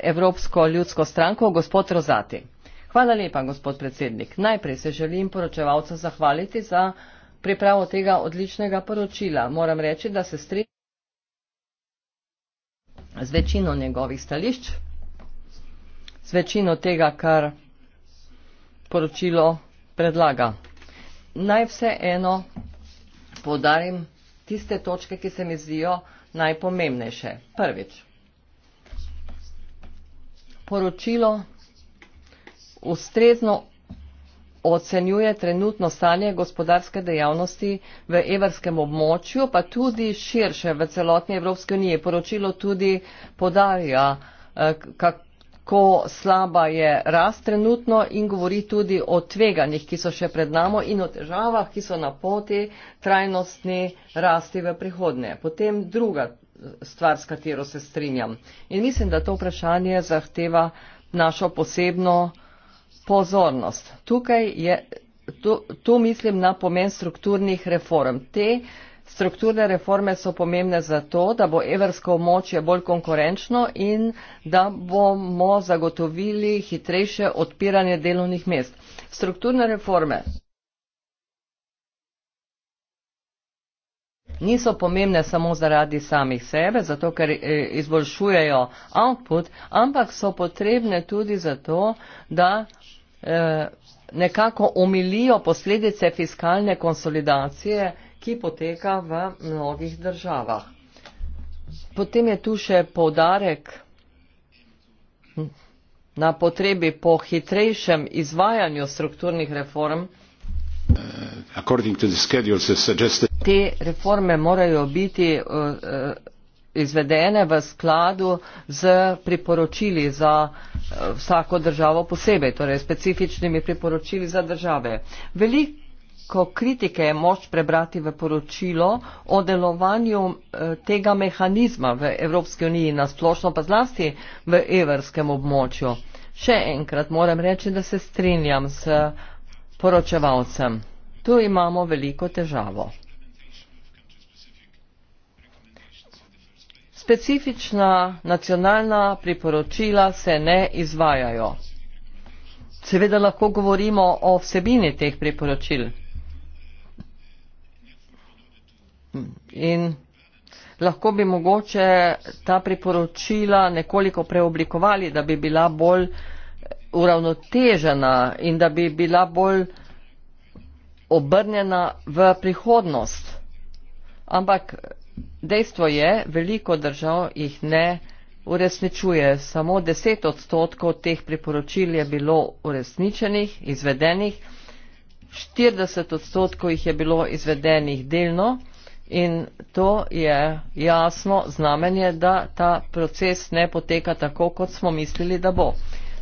Evropsko ljudsko stranko, gospod Rozati. Hvala lepa, gospod predsednik. Najprej se želim poročevalca zahvaliti za pripravo tega odličnega poročila. Moram reči, da se strinjam z večino njegovih stališč, z večino tega, kar poročilo predlaga. Naj vse eno podarim tiste točke, ki se mi zdijo najpomembnejše. Prvič poročilo ustrezno ocenjuje trenutno stanje gospodarske dejavnosti v evrskem območju, pa tudi širše v celotni Evropski uniji. Poročilo tudi podarja, eh, kako slaba je rast trenutno in govori tudi o tveganjih, ki so še pred nami in o težavah, ki so na poti trajnostni rasti v prihodnje. Potem druga stvar, s katero se strinjam. In mislim, da to vprašanje zahteva našo posebno pozornost. Tukaj je, tu, tu mislim na pomen strukturnih reform. Te strukturne reforme so pomembne zato, da bo evrsko območje bolj konkurenčno in da bomo zagotovili hitrejše odpiranje delovnih mest. Strukturne reforme. niso pomembne samo zaradi samih sebe, zato ker eh, izboljšujejo output, ampak so potrebne tudi zato, da eh, nekako omilijo posledice fiskalne konsolidacije, ki poteka v mnogih državah. Potem je tu še povdarek na potrebi po hitrejšem izvajanju strukturnih reform. Eh, Te reforme morajo biti uh, uh, izvedene v skladu z priporočili za uh, vsako državo posebej, torej specifičnimi priporočili za države. Veliko kritike je moč prebrati v poročilo o delovanju tega mehanizma v Evropski uniji na splošno, pa zlasti v evrskem območju. Še enkrat moram reči, da se strinjam s poročevalcem. Tu imamo veliko težavo. Specifična nacionalna priporočila se ne izvajajo. Seveda lahko govorimo o vsebini teh priporočil. In lahko bi mogoče ta priporočila nekoliko preoblikovali, da bi bila bolj uravnotežena in da bi bila bolj obrnjena v prihodnost. Ampak dejstvo je, veliko držav jih ne uresničuje. Samo deset odstotkov teh priporočil je bilo uresničenih, izvedenih, 40 odstotkov jih je bilo izvedenih delno in to je jasno znamenje, da ta proces ne poteka tako, kot smo mislili, da bo.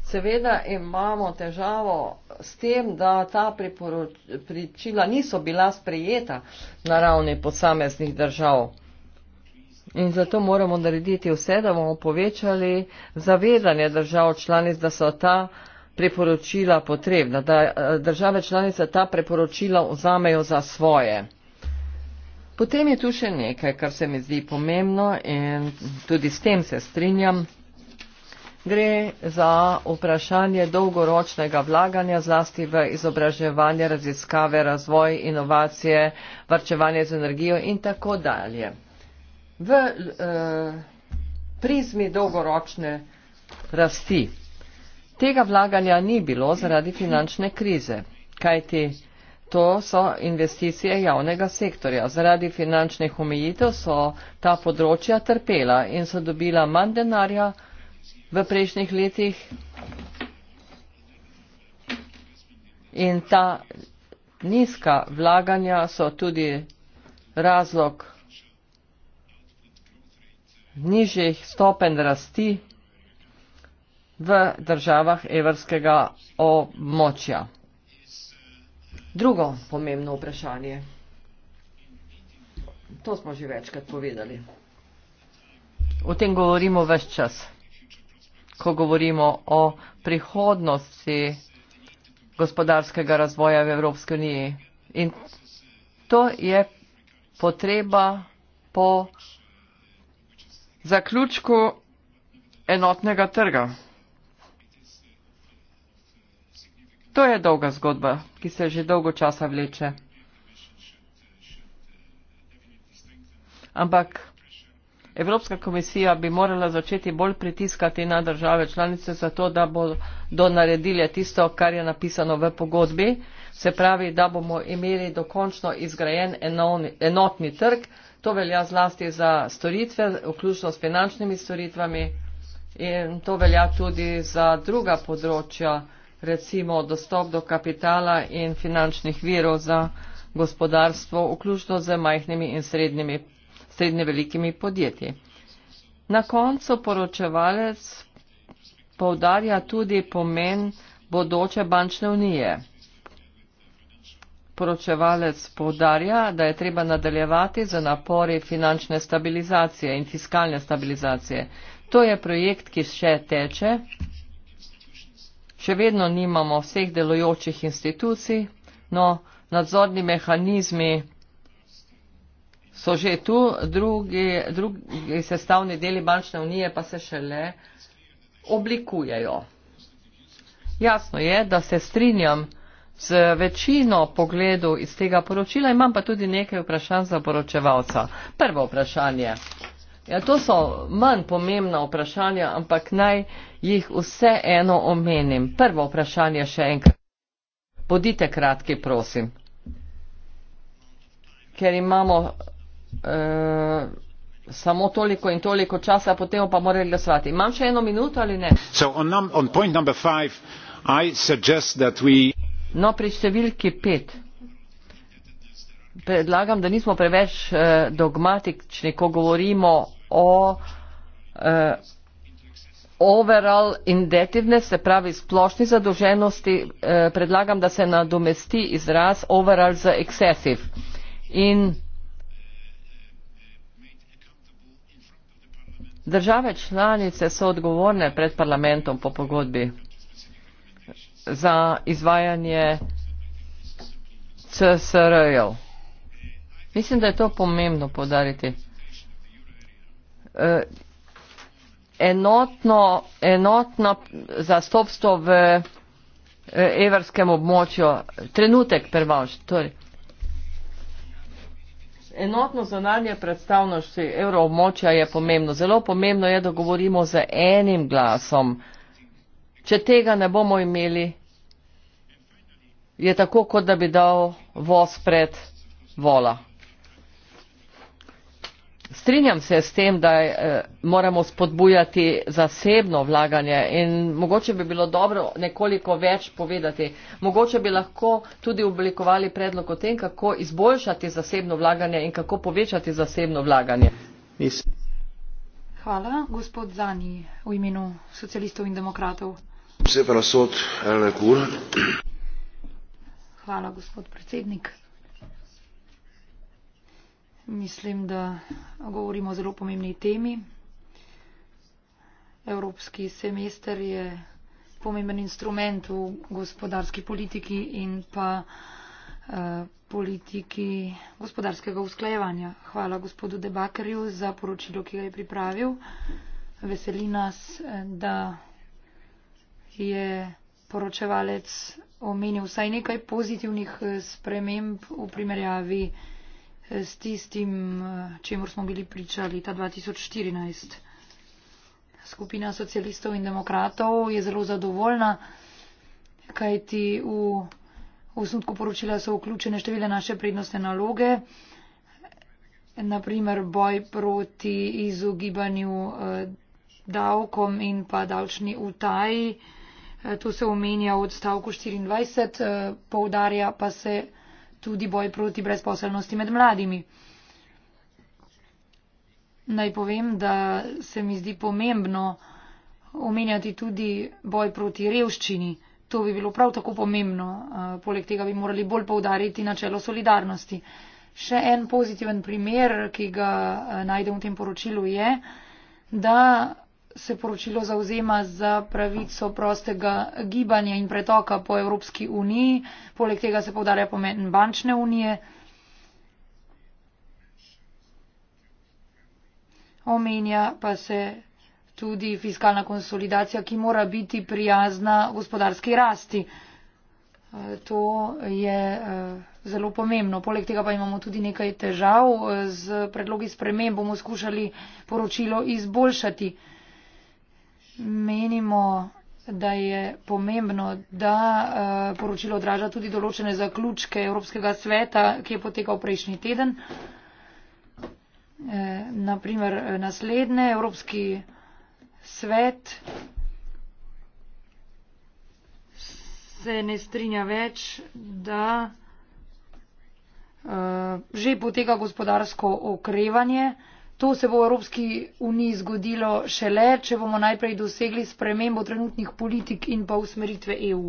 Seveda imamo težavo s tem, da ta pričila niso bila sprejeta na ravni posameznih držav. In zato moramo narediti vse, da bomo povečali zavedanje držav članic, da so ta priporočila potrebna, da eh, države članice ta priporočila vzamejo za svoje. Potem je tu še nekaj, kar se mi zdi pomembno in tudi s tem se strinjam. Gre za vprašanje dolgoročnega vlaganja zlasti v izobraževanje, raziskave, razvoj, inovacije, varčevanje z energijo in tako dalje. V eh, prizmi dolgoročne rasti tega vlaganja ni bilo zaradi finančne krize, kajti to so investicije javnega sektorja. Zaradi finančnih omejitev so ta področja trpela in so dobila manj denarja v prejšnjih letih. In ta nizka vlaganja so tudi razlog nižjih stopen rasti v državah evrskega območja. Drugo pomembno vprašanje. To smo že večkrat povedali. O tem govorimo več čas ko govorimo o prihodnosti gospodarskega razvoja v Evropske unije. In to je potreba po zaključku enotnega trga. To je dolga zgodba, ki se že dolgo časa vleče. Ampak Evropska komisija bi morala začeti bolj pritiskati na države članice za to, da bodo naredili tisto, kar je napisano v pogodbi, se pravi, da bomo imeli dokončno izgrajen enotni trg. To velja zlasti za storitve, vključno s finančnimi storitvami in to velja tudi za druga področja, recimo dostop do kapitala in finančnih virov za gospodarstvo, vključno z majhnimi in srednjimi srednje velikimi podjetji. Na koncu poročevalec povdarja tudi pomen bodoče bančne unije. Poročevalec povdarja, da je treba nadaljevati za napori finančne stabilizacije in fiskalne stabilizacije. To je projekt, ki še teče. Še vedno nimamo vseh delojočih institucij, no nadzorni mehanizmi so že tu, drugi, drugi sestavni deli bančne unije pa se šele oblikujejo. Jasno je, da se strinjam z večino pogledu iz tega poročila, imam pa tudi nekaj vprašanj za poročevalca. Prvo vprašanje. Ja, to so manj pomembna vprašanja, ampak naj jih vse eno omenim. Prvo vprašanje še enkrat. Bodite kratki, prosim. Ker imamo Eh, samo toliko in toliko časa, potem pa morali glasovati. Imam še eno minuto ali ne? On point number five, I suggest that we... No, pri številki pet. Predlagam, da nismo preveč eh, dogmatični, ko govorimo o eh, overall indebtedness, se pravi splošni zadolženosti, predlagam, da se nadomesti izraz overall za excessive. In... Države članice so odgovorne pred parlamentom po pogodbi za izvajanje CSR-jev. Mislim, da je to pomembno podariti. Eh, enotno, enotno zastopstvo v eh, evrskem območju, trenutek prvavš, torej Enotno zunanje predstavnosti evroobmočja je pomembno. Zelo pomembno je, da govorimo z enim glasom. Če tega ne bomo imeli, je tako, kot da bi dal voz pred vola strinjam se s tem, da eh, moramo spodbujati zasebno vlaganje in mogoče bi bilo dobro nekoliko več povedati. Mogoče bi lahko tudi oblikovali predlog o tem, kako izboljšati zasebno vlaganje in kako povečati zasebno vlaganje. Mislim. Hvala, gospod Zani, v imenu socialistov in demokratov. Hvala, gospod predsednik mislim da govorimo o zelo pomembni temi. Evropski semester je pomemben instrument v gospodarski politiki in pa eh, politiki gospodarskega usklajevanja. Hvala gospodu Debakarju za poročilo, ki ga je pripravil. Veseli nas, da je poročevalec omenil vsaj nekaj pozitivnih eh, sprememb v primerjavi s tistim, čemu smo bili pričali ta 2014. Skupina socialistov in demokratov je zelo zadovoljna, kajti v osnutku poročila so vključene številne naše prednostne naloge, naprimer boj proti izogibanju eh, davkom in pa davčni utaji. Eh, to se omenja v odstavku 24, eh, poudarja pa se tudi boj proti brezposelnosti med mladimi. Naj povem, da se mi zdi pomembno omenjati tudi boj proti revščini. To bi bilo prav tako pomembno. Poleg tega bi morali bolj poudariti načelo solidarnosti. Še en pozitiven primer, ki ga najdem v tem poročilu, je, da se poročilo zauzema za pravico prostega gibanja in pretoka po Evropski uniji. Poleg tega se povdarja pomen bančne unije. Omenja pa se tudi fiskalna konsolidacija, ki mora biti prijazna gospodarski rasti. To je eh, zelo pomembno. Poleg tega pa imamo tudi nekaj težav. Z eh, predlogi sprememb bomo skušali poročilo izboljšati. Menimo, da je pomembno, da eh, poročilo odraža tudi določene zaključke Evropskega sveta, ki je potekal prejšnji teden. Eh, Naprimer, eh, naslednje Evropski svet se ne strinja več, da že poteka gospodarsko okrevanje. To se bo v Evropski uniji zgodilo šele, če bomo najprej dosegli spremembo trenutnih politik in pa usmeritve EU.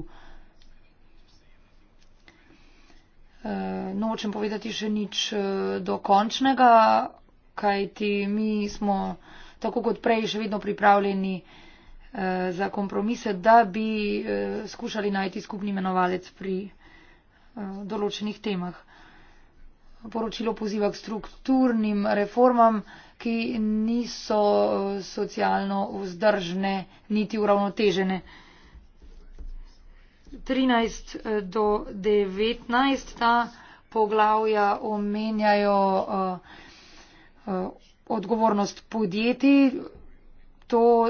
Eh, nočem povedati še nič eh, dokončnega, kajti mi smo tako kot prej še vedno pripravljeni eh, za kompromise, da bi skušali najti skupni imenovalec pri določenih temah poročilo poziva k strukturnim reformam ki niso eh, socialno vzdržne niti uravnotežene. trinajst eh, do devetnajst ta poglavja omenjajo eh, odgovornost podjetij to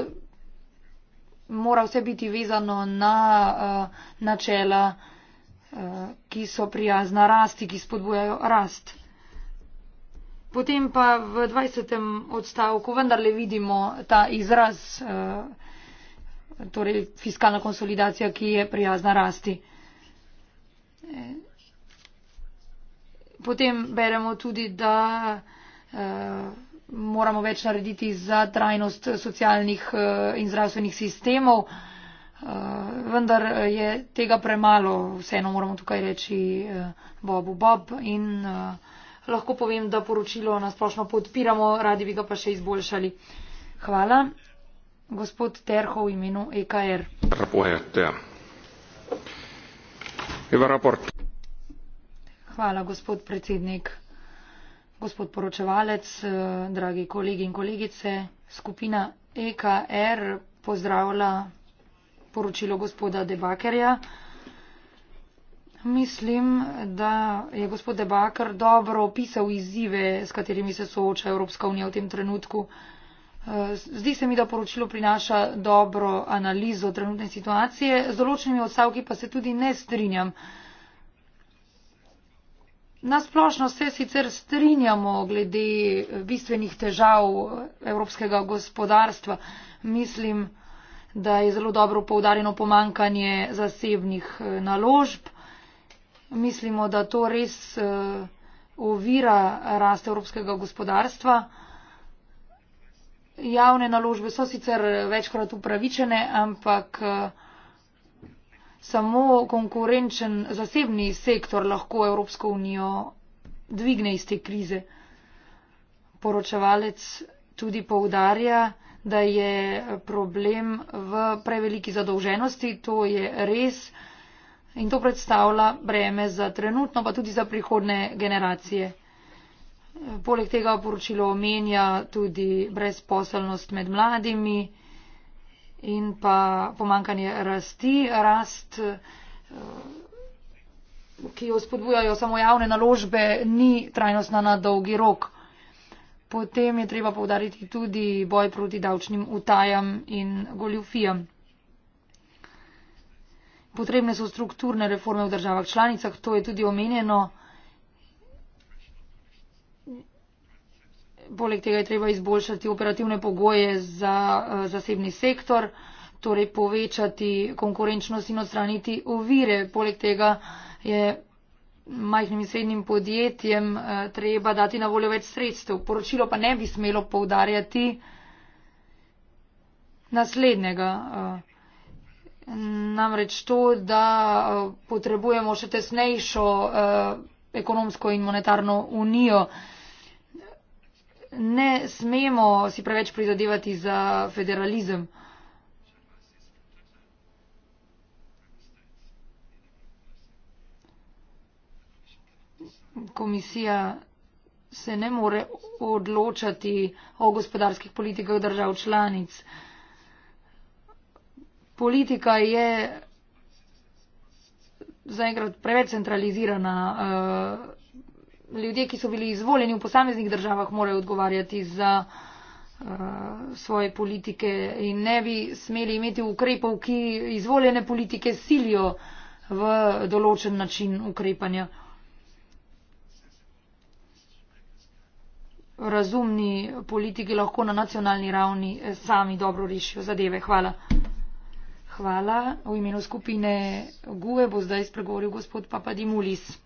mora vse biti vezano na načela ki so prijazna rasti, ki spodbujajo rast. Potem pa v 20. odstavku vendarle vidimo ta izraz, eh, torej fiskalna konsolidacija, ki je prijazna rasti. Potem beremo tudi, da eh, moramo več narediti za trajnost socialnih eh, in zdravstvenih sistemov. Eh, vendar eh, je tega premalo, vseeno moramo tukaj reči eh, Bobu Bob in lahko povem, da poročilo nasplošno podpiramo, radi bi ga pa še izboljšali. Hvala. Gospod Terho v imenu EKR. Hvala, gospod predsednik, gospod poročevalec, dragi kolegi in kolegice. Skupina EKR pozdravlja poročilo gospoda Debakerja. Mislim, da je gospod Debaker dobro opisal izzive, s katerimi se sooča Evropska unija v tem trenutku. Eh, zdi se mi, da poročilo prinaša dobro analizo trenutne situacije, z določenimi odstavki pa se tudi ne strinjam. Nasplošno se sicer strinjamo glede bistvenih težav evropskega gospodarstva. Mislim, da da je zelo dobro poudarjeno pomankanje zasebnih eh, naložb. Mislimo, da to res eh, ovira rast evropskega gospodarstva. Javne naložbe so sicer večkrat upravičene, ampak eh, samo konkurenčen zasebni sektor lahko Evropsko unijo dvigne iz te krize. Poročevalec tudi poudarja, da je problem v preveliki zadolženosti. To je res in to predstavlja breme za trenutno, pa tudi za prihodne generacije. Poleg tega poročilo omenja tudi brezposelnost med mladimi in pa pomankanje rasti, rast, eh, ki jo spodbujajo samo javne naložbe, ni trajnostna na dolgi rok. Potem je treba povdariti tudi boj proti davčnim utajam in goljufijam. Potrebne so strukturne reforme v državah članicah, to je tudi omenjeno. Poleg tega je treba izboljšati operativne pogoje za eh, zasebni sektor, torej povečati konkurenčnost in odstraniti ovire. Poleg tega je majhnim in srednjim podjetjem eh, treba dati na voljo več sredstev. Poročilo pa ne bi smelo povdarjati naslednjega. Eh, namreč to, da eh, potrebujemo še tesnejšo ekonomsko in monetarno unijo. Ne smemo si preveč pridodevati za federalizem. komisija se ne more odločati o gospodarskih politikah držav članic. Politika je zaenkrat preveč centralizirana. Eh, ljudje, ki so bili izvoljeni v posameznih državah, morajo odgovarjati za eh, svoje politike in ne bi smeli imeti ukrepov, ki izvoljene politike silijo v določen način ukrepanja. razumni politiki lahko na nacionalni ravni eh, sami dobro rešijo zadeve. Hvala. Hvala. V imenu skupine GUE bo zdaj spregovoril gospod Papadimulis.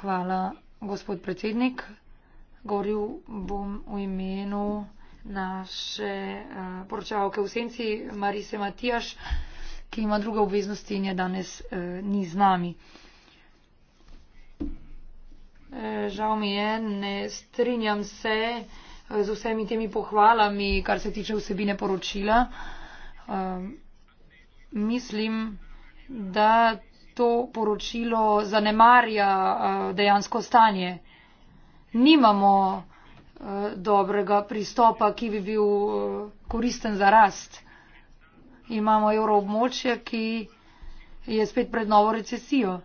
Hvala, gospod predsednik. Govoril bom v imenu naše uh, eh, poročavke v senci Marise Matijaš, ki ima druge obveznosti in je danes uh, ni z nami. Uh, Eh, žal mi je, ne strinjam se eh, z vsemi temi pohvalami, kar se tiče vsebine poročila. Eh, mislim, da to poročilo zanemarja dejansko stanje. Nimamo dobrega pristopa, ki bi bil koristen za rast. Imamo evroobmočje, ki je spet pred novo recesijo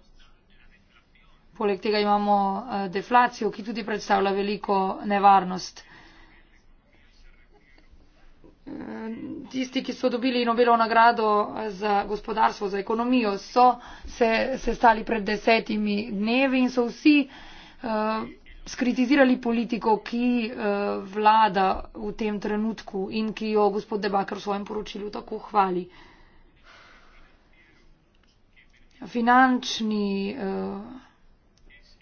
poleg tega imamo eh, deflacijo ki tudi predstavlja veliko nevarnost eh, tisti ki so dobili nobelovo nagrado eh, za gospodarstvo za ekonomijo so se sestali pred desetimi dnevi in so vsi skritizirali politiko, ki vlada v tem trenutku in ki jo gospod Debakar v svojem poročilu tako hvali. Finančni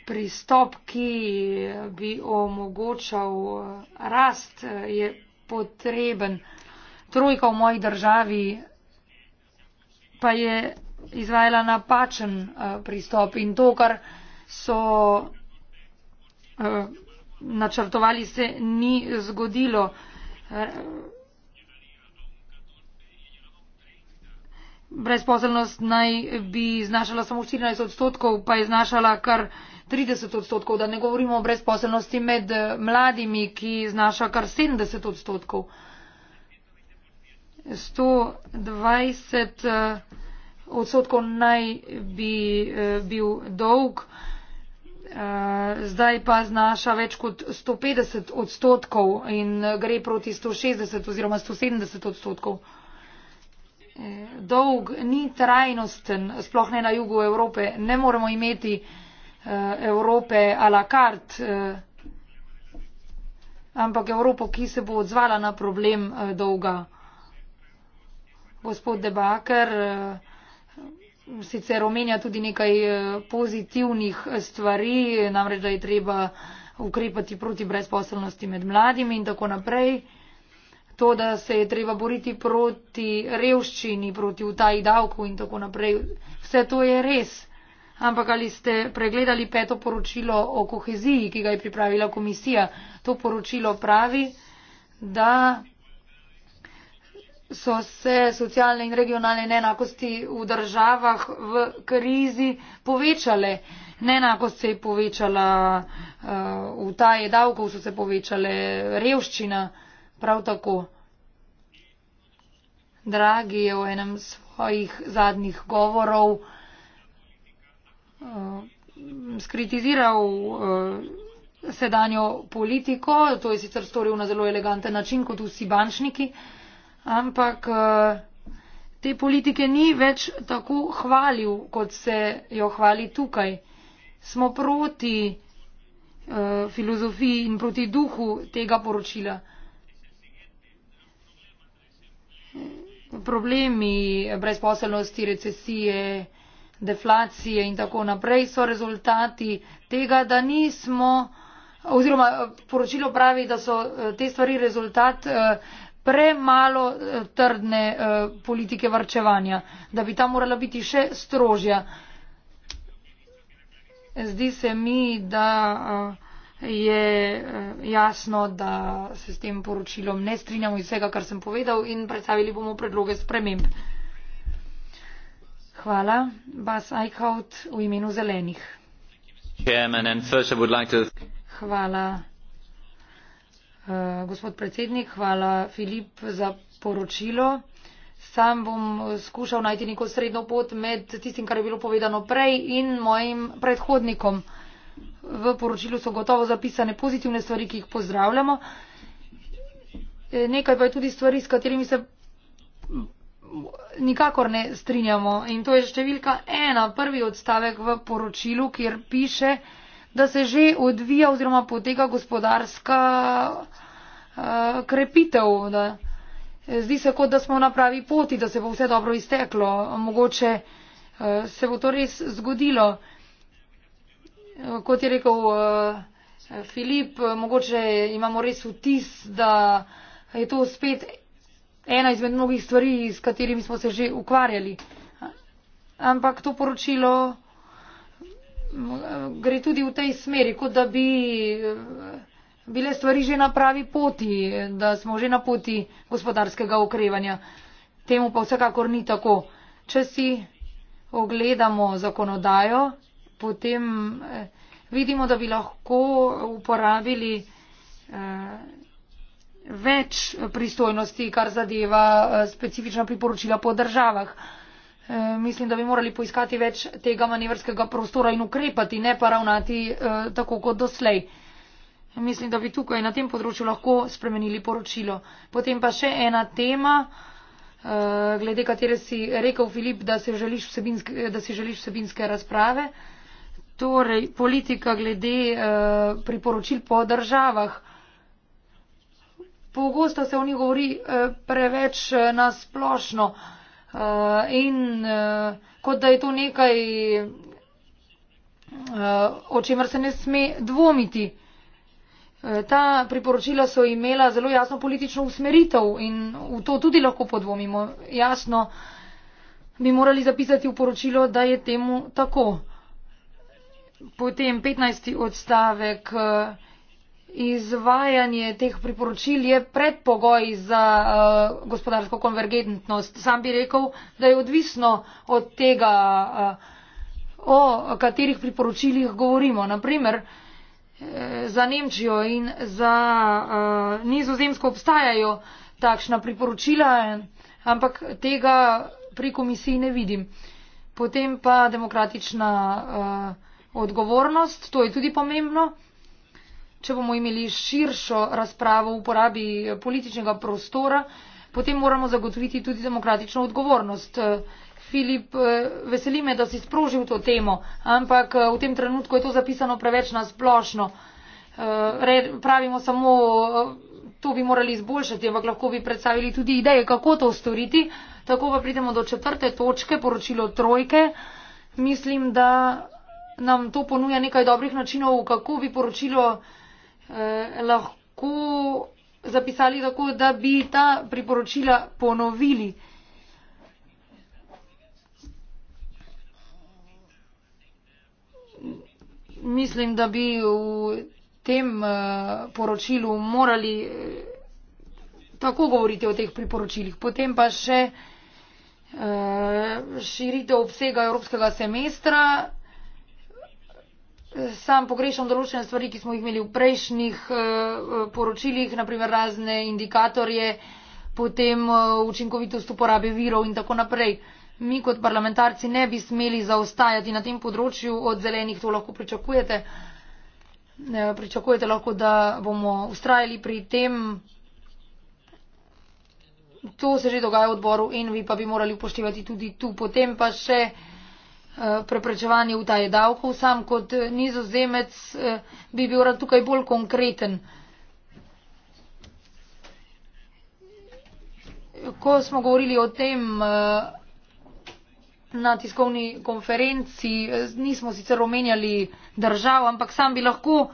pristop, ki bi omogočal eh, rast, eh, je potreben. Trojka v moji državi pa je izvajala napačen eh, pristop in to, kar so načrtovali, se ni zgodilo. Brezposelnost naj bi znašala samo 14 odstotkov, pa je znašala kar trideset odstotkov da ne govorimo o brezposelnosti med eh, mladimi ki znaša kar sedemdeset odstotkov sto dvajset eh, odstotkov naj bi eh, bil dolg zdaj pa znaša več kot sto petdeset odstotkov in gre proti sto šestdeset oziroma sto sedemdeset odstotkov dolg ni trajnosten sploh ne na jugu evrope ne moremo imeti Eh, evrope a la carte, eh, ampak Evropo, ki se bo odzvala na problem eh, dolga. Gospod Debaker sicer omenja tudi nekaj pozitivnih stvari, namreč, da je treba ukrepati proti brezposelnosti med mladimi in tako naprej. To, da se je treba boriti proti revščini, proti utaji davkov in tako naprej, vse to je res ampak ali ste pregledali peto poročilo o koheziji, ki ga je pripravila komisija. To poročilo pravi, da so se socialne in regionalne neenakosti v državah v krizi povečale. Neenakost se je povečala, eh, utaje davkov so se povečale, revščina prav tako. Dragi je v enem svojih zadnjih govorov uh, skritiziral uh, sedanjo politiko, to je sicer storil na zelo eleganten način, kot vsi bančniki, ampak uh, te politike ni več tako hvalil, kot se jo hvali tukaj. Smo proti uh, filozofiji in proti duhu tega poročila. Problemi brezposelnosti, recesije, deflacije in tako naprej so rezultati tega, da nismo oziroma poročilo pravi, da so eh, te stvari rezultat eh, premalo eh, trdne politike varčevanja, da bi ta morala biti še strožja. Zdi se mi, da je jasno, da se s tem poročilom ne strinjamo iz vsega, kar sem povedal in predstavili bomo predloge sprememb. Hvala, eh, gospod predsednik. Hvala, Filip, za poročilo. Sam bom eh, skušal najti neko srednjo pot med tistim, kar je bilo povedano prej in mojim predhodnikom. V poročilu so gotovo zapisane pozitivne stvari, ki jih pozdravljamo. Eh, nekaj pa je tudi stvari, s katerimi se nikakor ne strinjamo. In to je številka ena, prvi odstavek v poročilu, kjer piše, da se že odvija oziroma poteka gospodarska uh, krepitev. Da. Eh, zdi se, kot da smo na pravi poti, da se bo vse dobro izteklo. Mogoče uh, se bo to res zgodilo. Kot je rekel uh, Filip, mogoče imamo res vtis, da je to spet ena izmed mnogih stvari s katerimi smo se že ukvarjali ampak to poročilo gre tudi v tej smeri kot da bi eh, bile stvari že na pravi poti da smo že na poti gospodarskega okrevanja temu pa vsekakor ni tako če si ogledamo zakonodajo potem eh, vidimo da bi lahko uporabili eh, več pristojnosti, kar zadeva eh, specifična priporočila po državah. Eh, mislim, da bi morali poiskati več tega manevrskega prostora in ukrepati, ne pa ravnati eh, tako kot doslej. Mislim, da bi tukaj na tem področju lahko spremenili poročilo. Potem pa še ena tema, glede katere si rekel Filip, da si želiš vsebinske, da si želiš vsebinske razprave. Torej, politika glede priporočil po državah pogosto se o njih govori eh, preveč eh, nasplošno eh, in kot da je to nekaj, o čemer se ne sme dvomiti. Ta priporočila so imela zelo jasno politično usmeritev in v to tudi lahko podvomimo. Jasno bi morali zapisati v poročilo, da je temu tako. Potem 15. odstavek. Izvajanje teh priporočil je predpogoj za uh, gospodarsko konvergentnost. Sam bi rekel, da je odvisno od tega, uh, o katerih priporočilih govorimo. Naprimer, eh, za Nemčijo in za uh, nizozemsko obstajajo takšna priporočila, ampak tega pri komisiji ne vidim. Potem pa demokratična uh, odgovornost, to je tudi pomembno če bomo imeli širšo razpravo v uporabi političnega prostora, potem moramo zagotoviti tudi demokratično odgovornost. Filip, veseli me, da si sprožil to temo, ampak v tem trenutku je to zapisano preveč na splošno. Pravimo samo, to bi morali izboljšati, ampak lahko bi predstavili tudi ideje, kako to storiti. Tako pa pridemo do četrte točke, poročilo trojke. Mislim, da nam to ponuja nekaj dobrih načinov, kako bi poročilo Eh, lahko zapisali tako, da bi ta priporočila ponovili. Mislim, da bi v tem eh, poročilu morali eh, tako govoriti o teh priporočilih. Potem pa še širitev obsega evropskega semestra Sam pogrešam določene stvari, ki smo jih imeli v prejšnjih eh, eh, poročilih, naprimer razne indikatorje, potem eh, učinkovitost uporabe virov in tako naprej. Mi kot parlamentarci ne bi smeli zaostajati na tem področju, od zelenih to lahko pričakujete. Pričakujete lahko, da bomo ustrajali pri tem. To se že dogaja v odboru in vi pa bi morali upoštevati tudi tu. Potem pa še. Eh, preprečevanje utaje davkov. Sam kot nizozemec eh, bi bil rad tukaj bolj konkreten. Ko smo govorili o tem eh, na tiskovni konferenci, nismo sicer omenjali državo, ampak sam bi lahko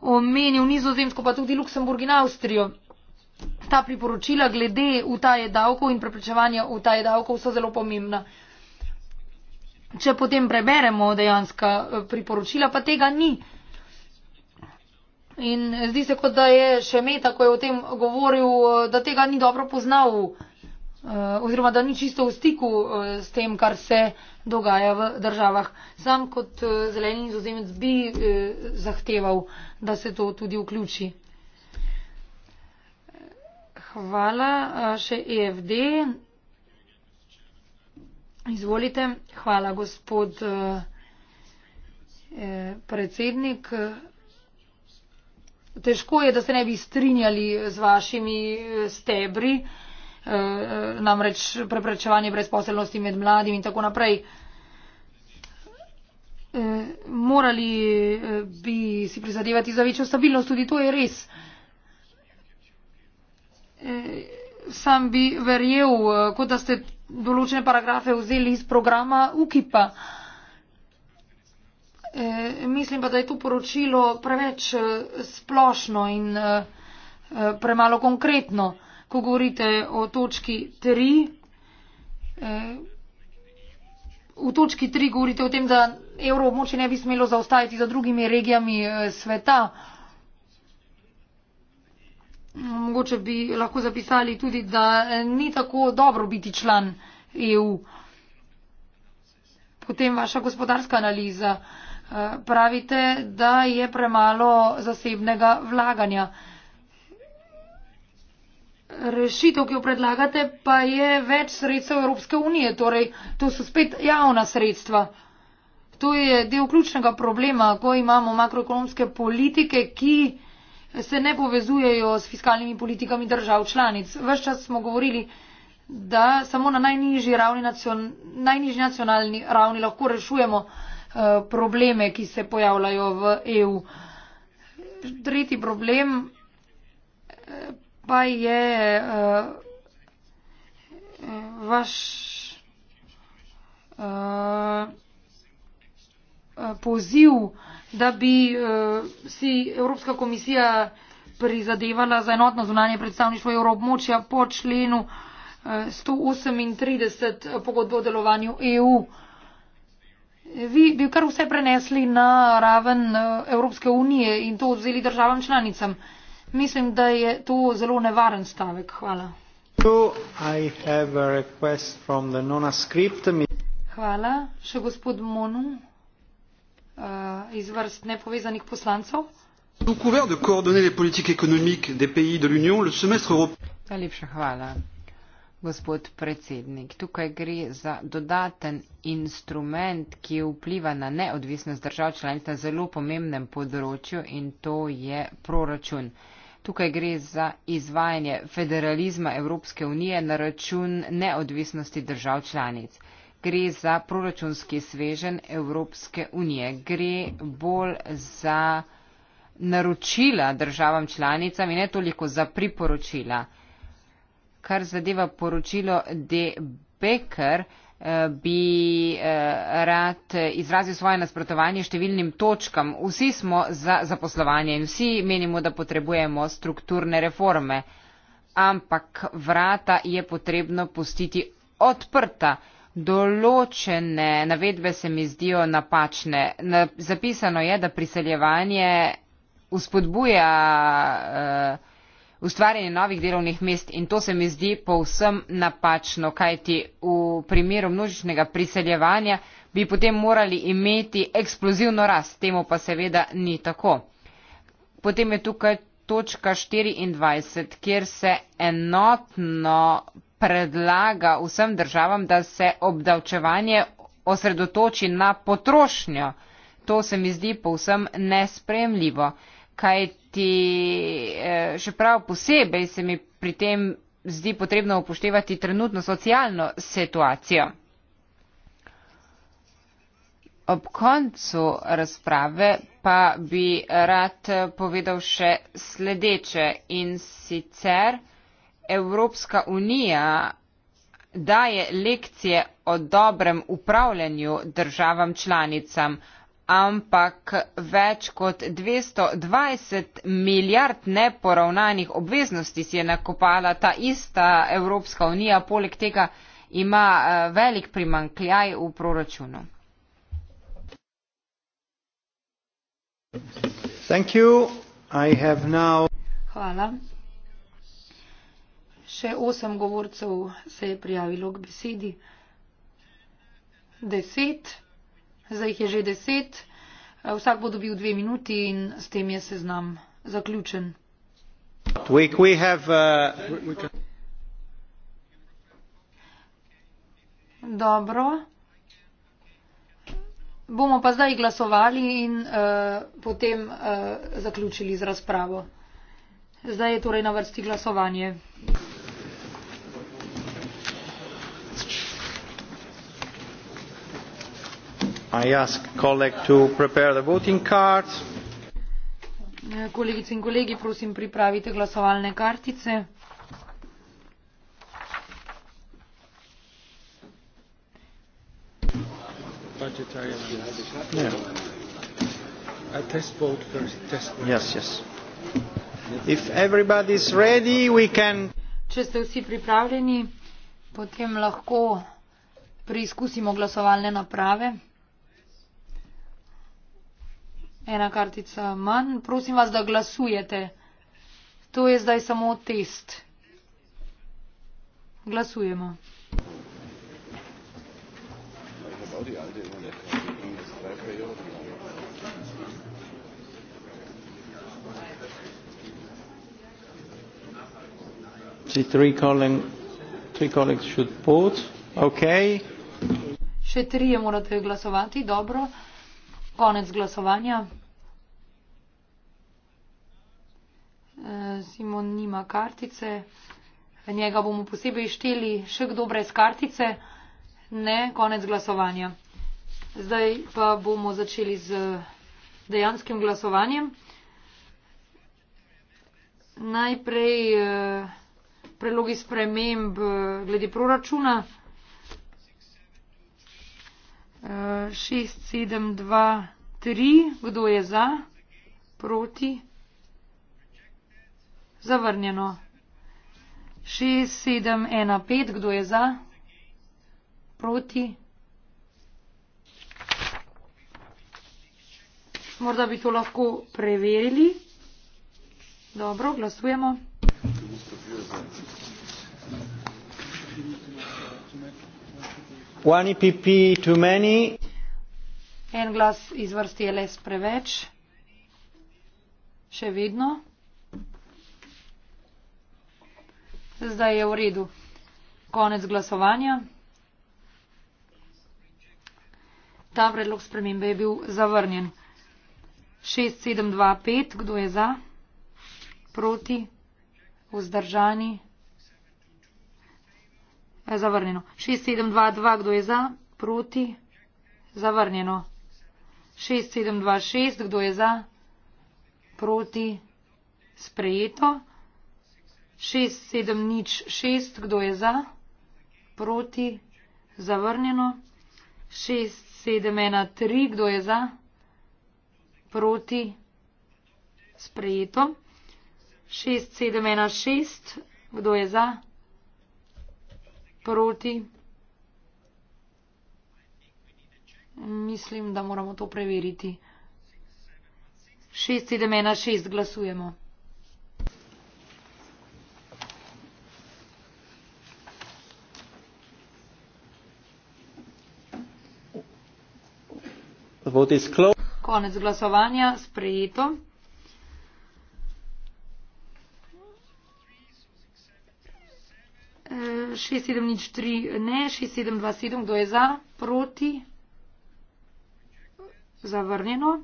omenil nizozemsko, pa tudi Luksemburg in Avstrijo. Ta priporočila glede utaje davkov in preprečevanja utaje davkov so zelo pomembna. Če potem preberemo dejanska eh, priporočila, pa tega ni. In zdi se, kot da je še meta, ko je o tem govoril, eh, da tega ni dobro poznal eh, oziroma da ni čisto v stiku s tem, kar se dogaja v državah. Sam kot zeleni nizozemec bi zahteval, da se to tudi vključi. Hvala. Še EFD. Izvolite. Hvala, gospod eh, eh, predsednik. Težko je, da se ne bi strinjali z vašimi eh, stebri, namreč preprečevanje brezposelnosti med mladimi in tako naprej. Morali bi si prizadevati za večjo stabilnost, tudi to je res. Sam bi verjel, kot da ste določene paragrafe vzeli iz programa UKIP-a. E, mislim pa, da je to poročilo preveč eh, splošno in e, premalo konkretno, ko govorite o točki 3. E, v točki 3 govorite o tem, da evroobmočje ne bi smelo zaostajati za drugimi regijami sveta. E, mogoče bi lahko zapisali tudi, da ni tako dobro biti član EU. Potem vaša gospodarska analiza. Eh, pravite, da je premalo zasebnega vlaganja. Rešitev, ki jo predlagate, pa je več sredstev Evropske unije, torej to so spet javna sredstva. To je del ključnega problema, ko imamo makroekonomske politike, ki se ne povezujejo s fiskalnimi politikami držav članic. Ves čas smo govorili, da samo na najnižji, ravni, nacion, najnižji nacionalni ravni lahko rešujemo eh, probleme, ki se pojavljajo v EU. Tretji problem eh, pa je uh, vaš uh, poziv uh, da bi uh, si Evropska komisija prizadevala za enotno zunanje predstavništvo evroobmočja po členu uh, eh, 138 eh, pogodbe o delovanju EU. Vi bi kar vse prenesli na raven Evropske unije in to vzeli državam članicam. Mislim, da je to zelo nevaren stavek. Hvala. Hvala. Še gospod Monu. Eh, iz vrst nepovezanih poslancev. Sous couvert de coordonner les politiques économiques des pays de l'Union, le semestre européen. Gospod predsednik, tukaj gre za dodaten instrument, ki vpliva na neodvisnost držav članic na zelo pomembnem področju in to je proračun. Tukaj gre za izvajanje federalizma Evropske unije na račun neodvisnosti držav članic gre za proračunski svežen Evropske unije, gre bolj za naročila državam članicam in ne toliko za priporočila. Kar zadeva poročilo de Becker, eh, bi eh, rad izrazil svoje nasprotovanje številnim točkam. Vsi smo za zaposlovanje in vsi menimo, da potrebujemo strukturne reforme, ampak vrata je potrebno pustiti odprta določene navedbe se mi zdijo napačne. Zapisano je, da priseljevanje uspodbuja eh, ustvarjanje novih delovnih mest in to se mi zdi povsem napačno, kajti v primeru množičnega priseljevanja bi potem morali imeti eksplozivno rast, temu pa seveda ni tako. Potem je tukaj točka 24, kjer se enotno predlaga vsem državam, da se obdavčevanje osredotoči na potrošnjo. To se mi zdi povsem nespremljivo, kajti eh, še prav posebej se mi pri tem zdi potrebno upoštevati trenutno socialno situacijo. Ob koncu razprave pa bi rad povedal še sledeče in sicer Evropska unija daje lekcije o dobrem upravljanju državam članicam, ampak več kot 220 milijard neporavnanih obveznosti si je nakopala ta ista Evropska unija, poleg tega ima eh, velik primankljaj v proračunu. Thank you. I have now... Hvala. Še osem govorcev se je prijavilo k besedi. Deset, zdaj jih je že deset, vsak bo dobil dve minuti in s tem je seznam zaključen. We, we have, uh, Dobro. Bomo pa zdaj glasovali in uh, potem uh, zaključili z razpravo. Zdaj je torej na vrsti glasovanje. kolegice in kolegi prosim pripravite glasovalne kartice če ste vsi pripravljeni potem lahko preizkusimo glasovalne naprave ena kartica manj. Prosim vas, da glasujete. To je zdaj samo test. Glasujemo. Three calling, three colleagues should vote. Okay. Še trije morate glasovati, dobro. Konec glasovanja. Simon nima kartice. Njega bomo posebej išteli še kdo brez kartice. Ne, konec glasovanja. Zdaj pa bomo začeli z dejanskim glasovanjem. Najprej eh, predlogi sprememb eh, glede proračuna. 6, 7, 2, 3. Kdo je za? Proti? Zavrnjeno. 6, 7, 1, 5. Kdo je za? Proti? Morda bi to lahko preverili. Dobro, glasujemo. One EPP too many. En glas iz vrsti je les preveč. Še vedno. Zdaj je v redu. Konec glasovanja. Ta predlog spremembe je bil zavrnjen. 6725, kdo je za? Proti? Vzdržani? E, zavrnjeno. 6722, kdo je za? Proti? Zavrnjeno. 6726, kdo je za? Proti? Sprejeto. 6706, kdo je za, proti, zavrnjeno. 6713, kdo je za, proti, sprejeto. 6716, kdo je za, proti. Mislim, da moramo to preveriti. 6716, glasujemo. vote is closed. Konec glasovanja sprejeto. Eh, šest sedem nič tri ne šest sedem dva sedem kdo je za proti zavrnjeno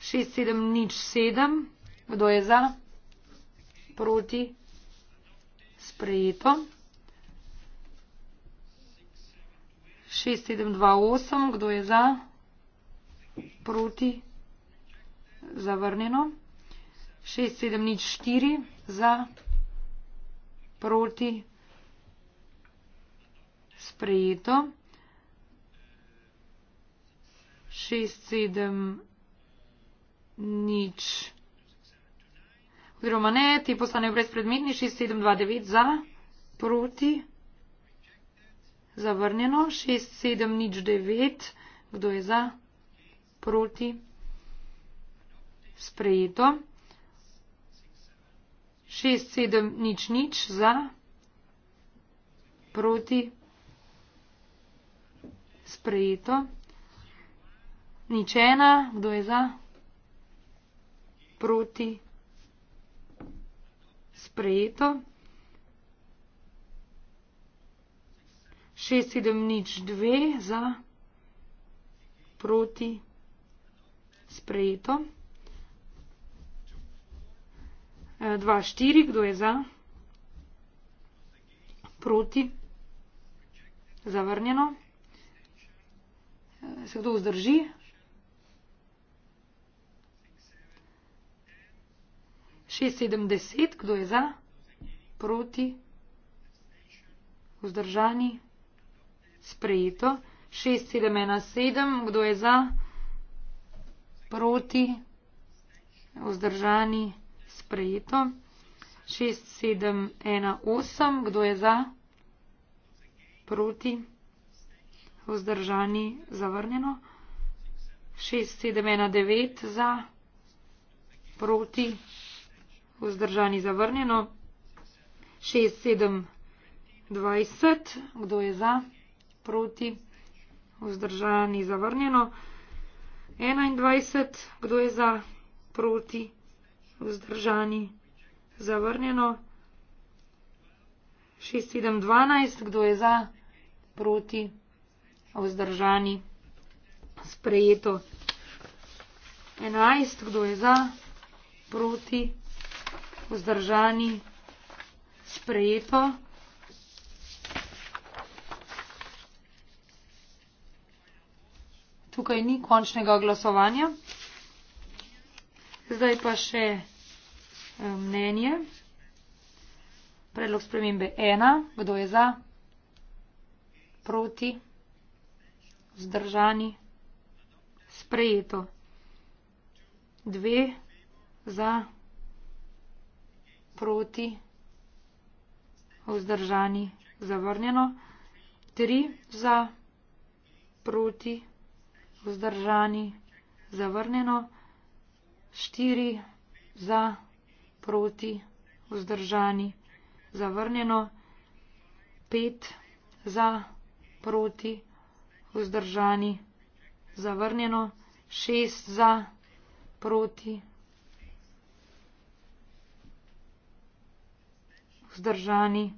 šest sedem nič sedem kdo je za proti sprejeto šest sedem dva osem kdo je za proti zavrnjeno. 6704 za proti sprejeto. 670. Oziroma ne, ti postanejo brezpredmetni. 6729 za proti zavrnjeno. 6709. Kdo je za? proti sprejeto. 6-7 nič nič za proti sprejeto. Nič ena, kdo je za proti sprejeto. 6-7 nič dve za proti sprejeto sprejeto. 2-4, e, kdo je za? Proti? Zavrnjeno? E, se kdo vzdrži? Šest sedem deset, kdo je za? Proti? Vzdržani? Sprejeto. Šest sedem ena sedem, kdo je za? proti, vzdržani, sprejeto. 6, 7, 1, 8. Kdo je za? Proti, vzdržani, zavrnjeno. 6, 7, 1, 9 za, proti, vzdržani, zavrnjeno. 6, 7, 20. Kdo je za? Proti, vzdržani, zavrnjeno. 21, kdo je za, proti, vzdržani, zavrnjeno. 6, 7, 12, kdo je za, proti, vzdržani, sprejeto. 11, kdo je za, proti, vzdržani, sprejeto. Tukaj ni končnega glasovanja. Zdaj pa še eh, mnenje. Predlog spremembe 1. Kdo je za? Proti? Zdržani? Sprejeto. 2. Za? Proti? Vzdržani? Zavrnjeno. 3. Za? Proti? vzdržani, zavrnjeno, štiri za, proti, vzdržani, zavrnjeno, pet za, proti, vzdržani, zavrnjeno, šest za, proti, vzdržani.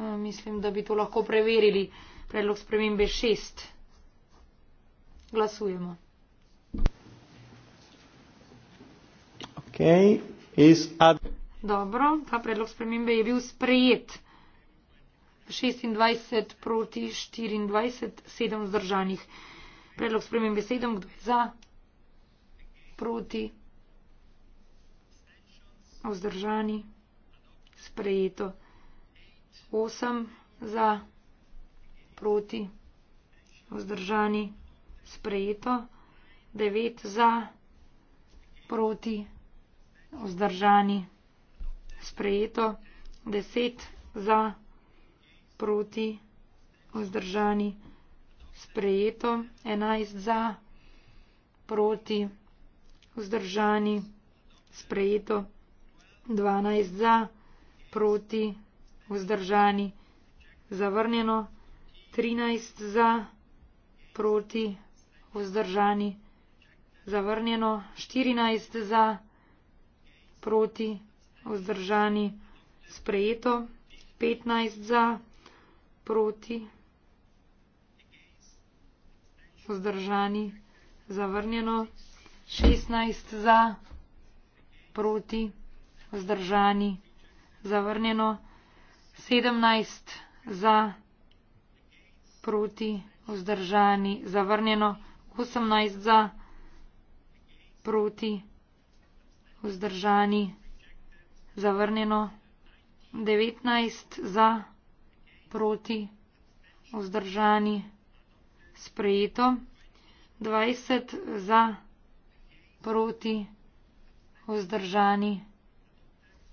Eh, mislim, da bi to lahko preverili. Predlog spremembe šest. Glasujemo. Okay. Ad... Dobro, ta predlog spremembe je bil sprejet. 26 proti 24, 7 vzdržanih. Predlog spremembe 7, kdo je za? Proti. Vzdržani. Sprejeto. 8 za. Proti. Vzdržani sprejeto, devet za, proti, vzdržani, sprejeto, deset za, proti, vzdržani, sprejeto, enajst za, proti, vzdržani, sprejeto, dvanajst za, proti, vzdržani, zavrnjeno, trinajst za, proti, vzdržani, vzdržani. Zavrnjeno 14 za, proti vzdržani. Sprejeto 15 za, proti vzdržani. Zavrnjeno 16 za, proti vzdržani. Zavrnjeno 17 za, proti vzdržani. Zavrnjeno 17 za. 18 za, proti, vzdržani, zavrnjeno, 19 za, proti, vzdržani, sprejeto, 20 za, proti, vzdržani,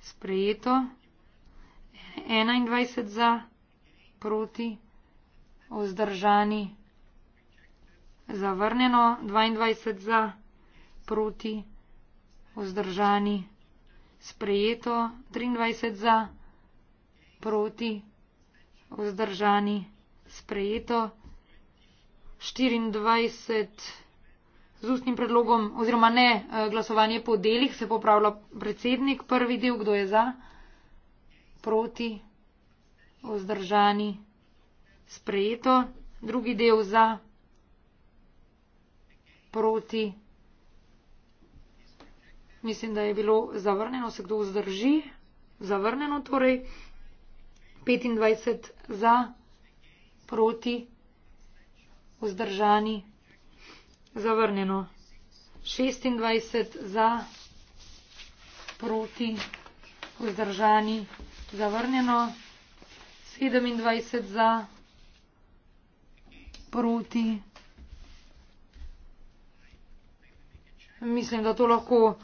sprejeto, 21 za, proti, vzdržani, sprejeto zavrnjeno, 22 za, proti, vzdržani, sprejeto, 23 za, proti, vzdržani, sprejeto, 24 z ustnim predlogom, oziroma ne eh, glasovanje po delih, se popravlja predsednik, prvi del, kdo je za, proti, vzdržani, sprejeto, drugi del za, proti. Mislim, da je bilo zavrnjeno, se kdo vzdrži. Zavrnjeno torej 25 za, proti, vzdržani, zavrnjeno 26 za, proti, vzdržani, zavrnjeno 27 za, proti, vzdržani. mislim da to lahko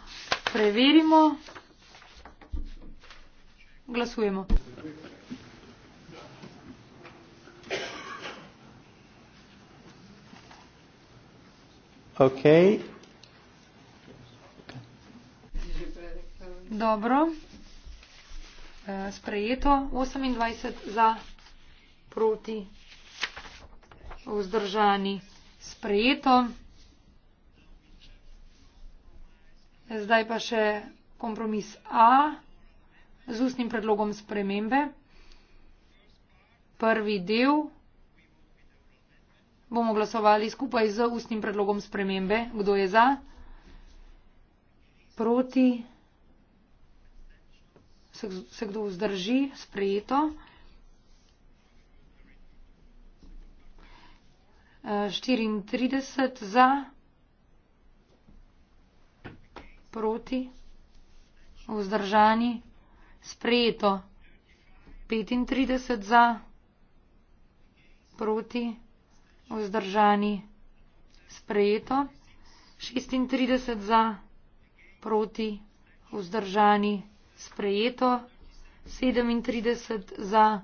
preverimo glasujemo Okay. Dobro. E, sprejeto 28 za proti vzdržani. Sprejeto. Zdaj pa še kompromis A z ustnim predlogom spremembe. Prvi del bomo glasovali skupaj z ustnim predlogom spremembe. Kdo je za? Proti? Se, se kdo vzdrži? Sprejeto. E, 34 za proti, vzdržani, sprejeto, 35 za, proti, vzdržani, sprejeto, 36 za, proti, vzdržani, sprejeto, 37 za,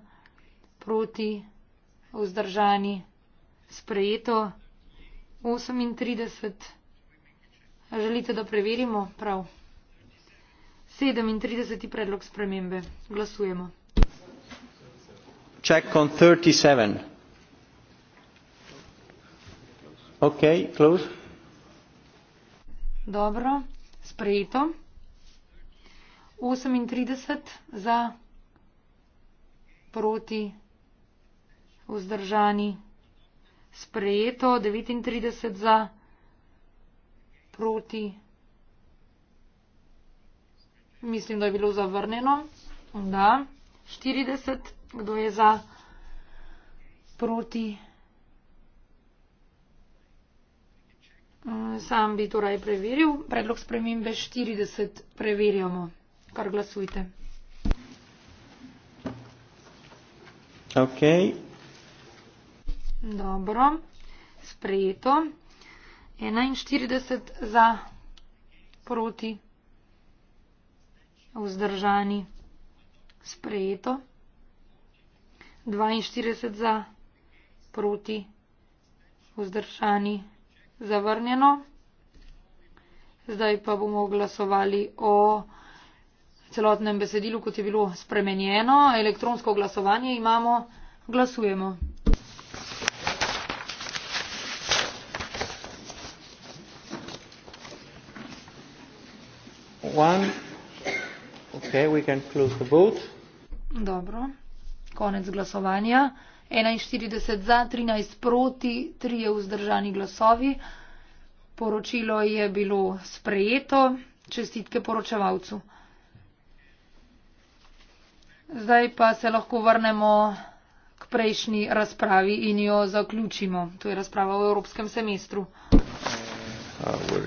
proti, vzdržani, sprejeto, 38 za, Želite, da preverimo? Prav. 37. predlog spremembe. Glasujemo. Check on 37. Ok, close. Dobro, sprejeto. 38 za proti vzdržani sprejeto, 39 za proti vzdržani sprejeto proti. Mislim, da je bilo zavrnjeno. Da, 40, kdo je za, proti. Sam bi torej preveril. Predlog spremembe 40 preverjamo, kar glasujte. Ok. Dobro, sprejeto enainštirideset za proti vzdržani sprejeto dvainštirideset za proti vzdržani zavrnjeno zdaj pa bomo glasovali o celotnem besedilu kot je bilo spremenjeno elektronsko glasovanje imamo glasujemo one. Okay, we can close the vote. Dobro. Konec glasovanja. 41 za, 13 proti, 3 je vzdržani glasovi. Poročilo je bilo sprejeto. Čestitke poročevalcu. Zdaj pa se lahko vrnemo k prejšnji razpravi in jo zaključimo. To je razprava o evropskem semestru. Uh,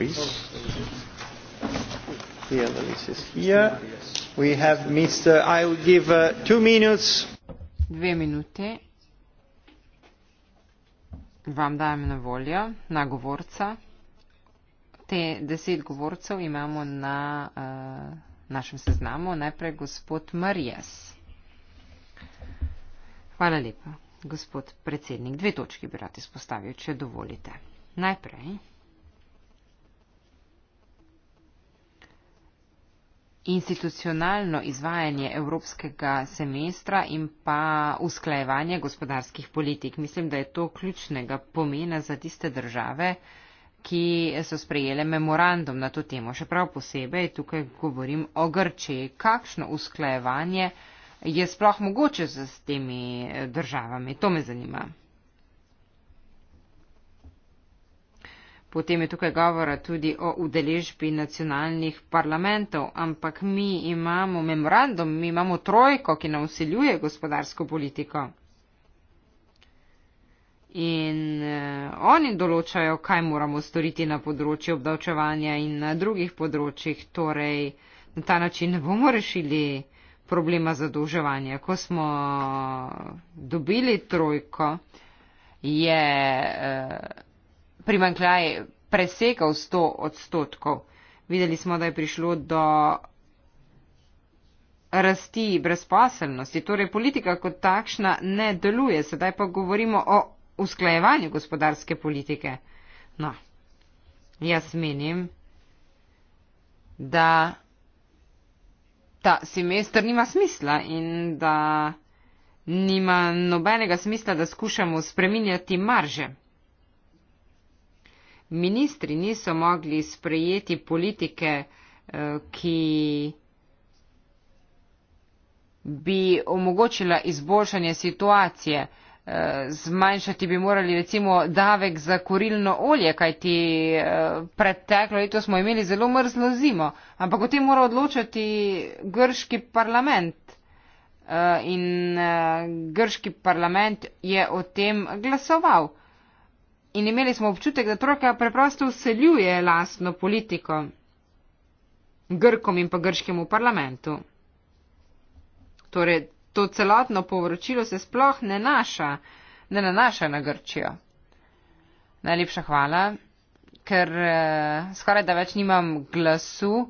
Dear Lilis is here. We have Mr. I will give uh, two minutes. Dve minute. Vam dajem na voljo na govorca. Te deset govorcev imamo na uh, našem seznamu. Najprej gospod Marijas. Hvala lepa. Gospod predsednik, dve točki bi rad izpostavil, če dovolite. Najprej. institucionalno izvajanje evropskega semestra in pa usklajevanje gospodarskih politik. Mislim, da je to ključnega pomena za tiste države, ki so sprejele memorandum na to temo. Še prav posebej tukaj govorim o Grčiji. Kakšno usklajevanje je sploh mogoče z temi državami? To me zanima. Potem je tukaj govora tudi o udeležbi nacionalnih parlamentov, ampak mi imamo memorandum, mi imamo trojko, ki nam usiljuje gospodarsko politiko. In eh, oni določajo, kaj moramo storiti na področju obdavčevanja in na drugih področjih. Torej, na ta način ne bomo rešili problema zadolževanja. Ko smo dobili trojko, je. Eh, primankljaj presekal 100 odstotkov. Videli smo, da je prišlo do rasti brezposelnosti, torej politika kot takšna ne deluje. Sedaj pa govorimo o usklajevanju gospodarske politike. No, jaz menim, da ta semester nima smisla in da nima nobenega smisla, da skušamo spreminjati marže ministri niso mogli sprejeti politike, eh, ki bi omogočila izboljšanje situacije. Eh, zmanjšati bi morali recimo davek za kurilno olje, kajti eh, preteklo leto smo imeli zelo mrzlo zimo, ampak o tem mora odločati grški parlament. In grški parlament je o tem glasoval in imeli smo občutek, da Turkija preprosto useljuje lastno politiko Grkom in pa grškemu parlamentu. Torej, to celotno povročilo se sploh ne, naša, ne nanaša na Grčijo. Najlepša hvala, ker eh, skoraj da več nimam glasu.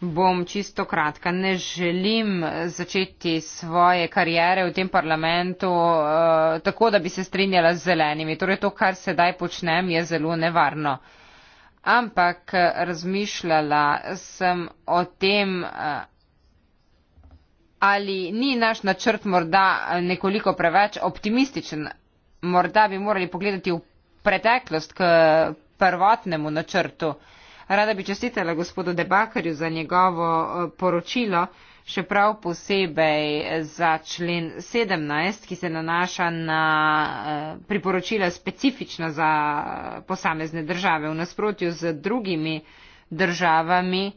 Bom čisto kratka. Ne želim začeti svoje karijere v tem parlamentu uh, tako, da bi se strinjala z zelenimi. Torej, to, kar sedaj počnem, je zelo nevarno. Ampak eh, razmišljala sem o tem, uh, ali ni naš načrt morda nekoliko preveč optimističen. Morda bi morali pogledati v preteklost k prvotnemu načrtu. Uh, Rada bi čestitela gospodu Debakarju za njegovo eh, poročilo, še prav posebej za člen 17, ki se nanaša na eh, priporočila specifična za eh, posamezne države. V nasprotju z drugimi državami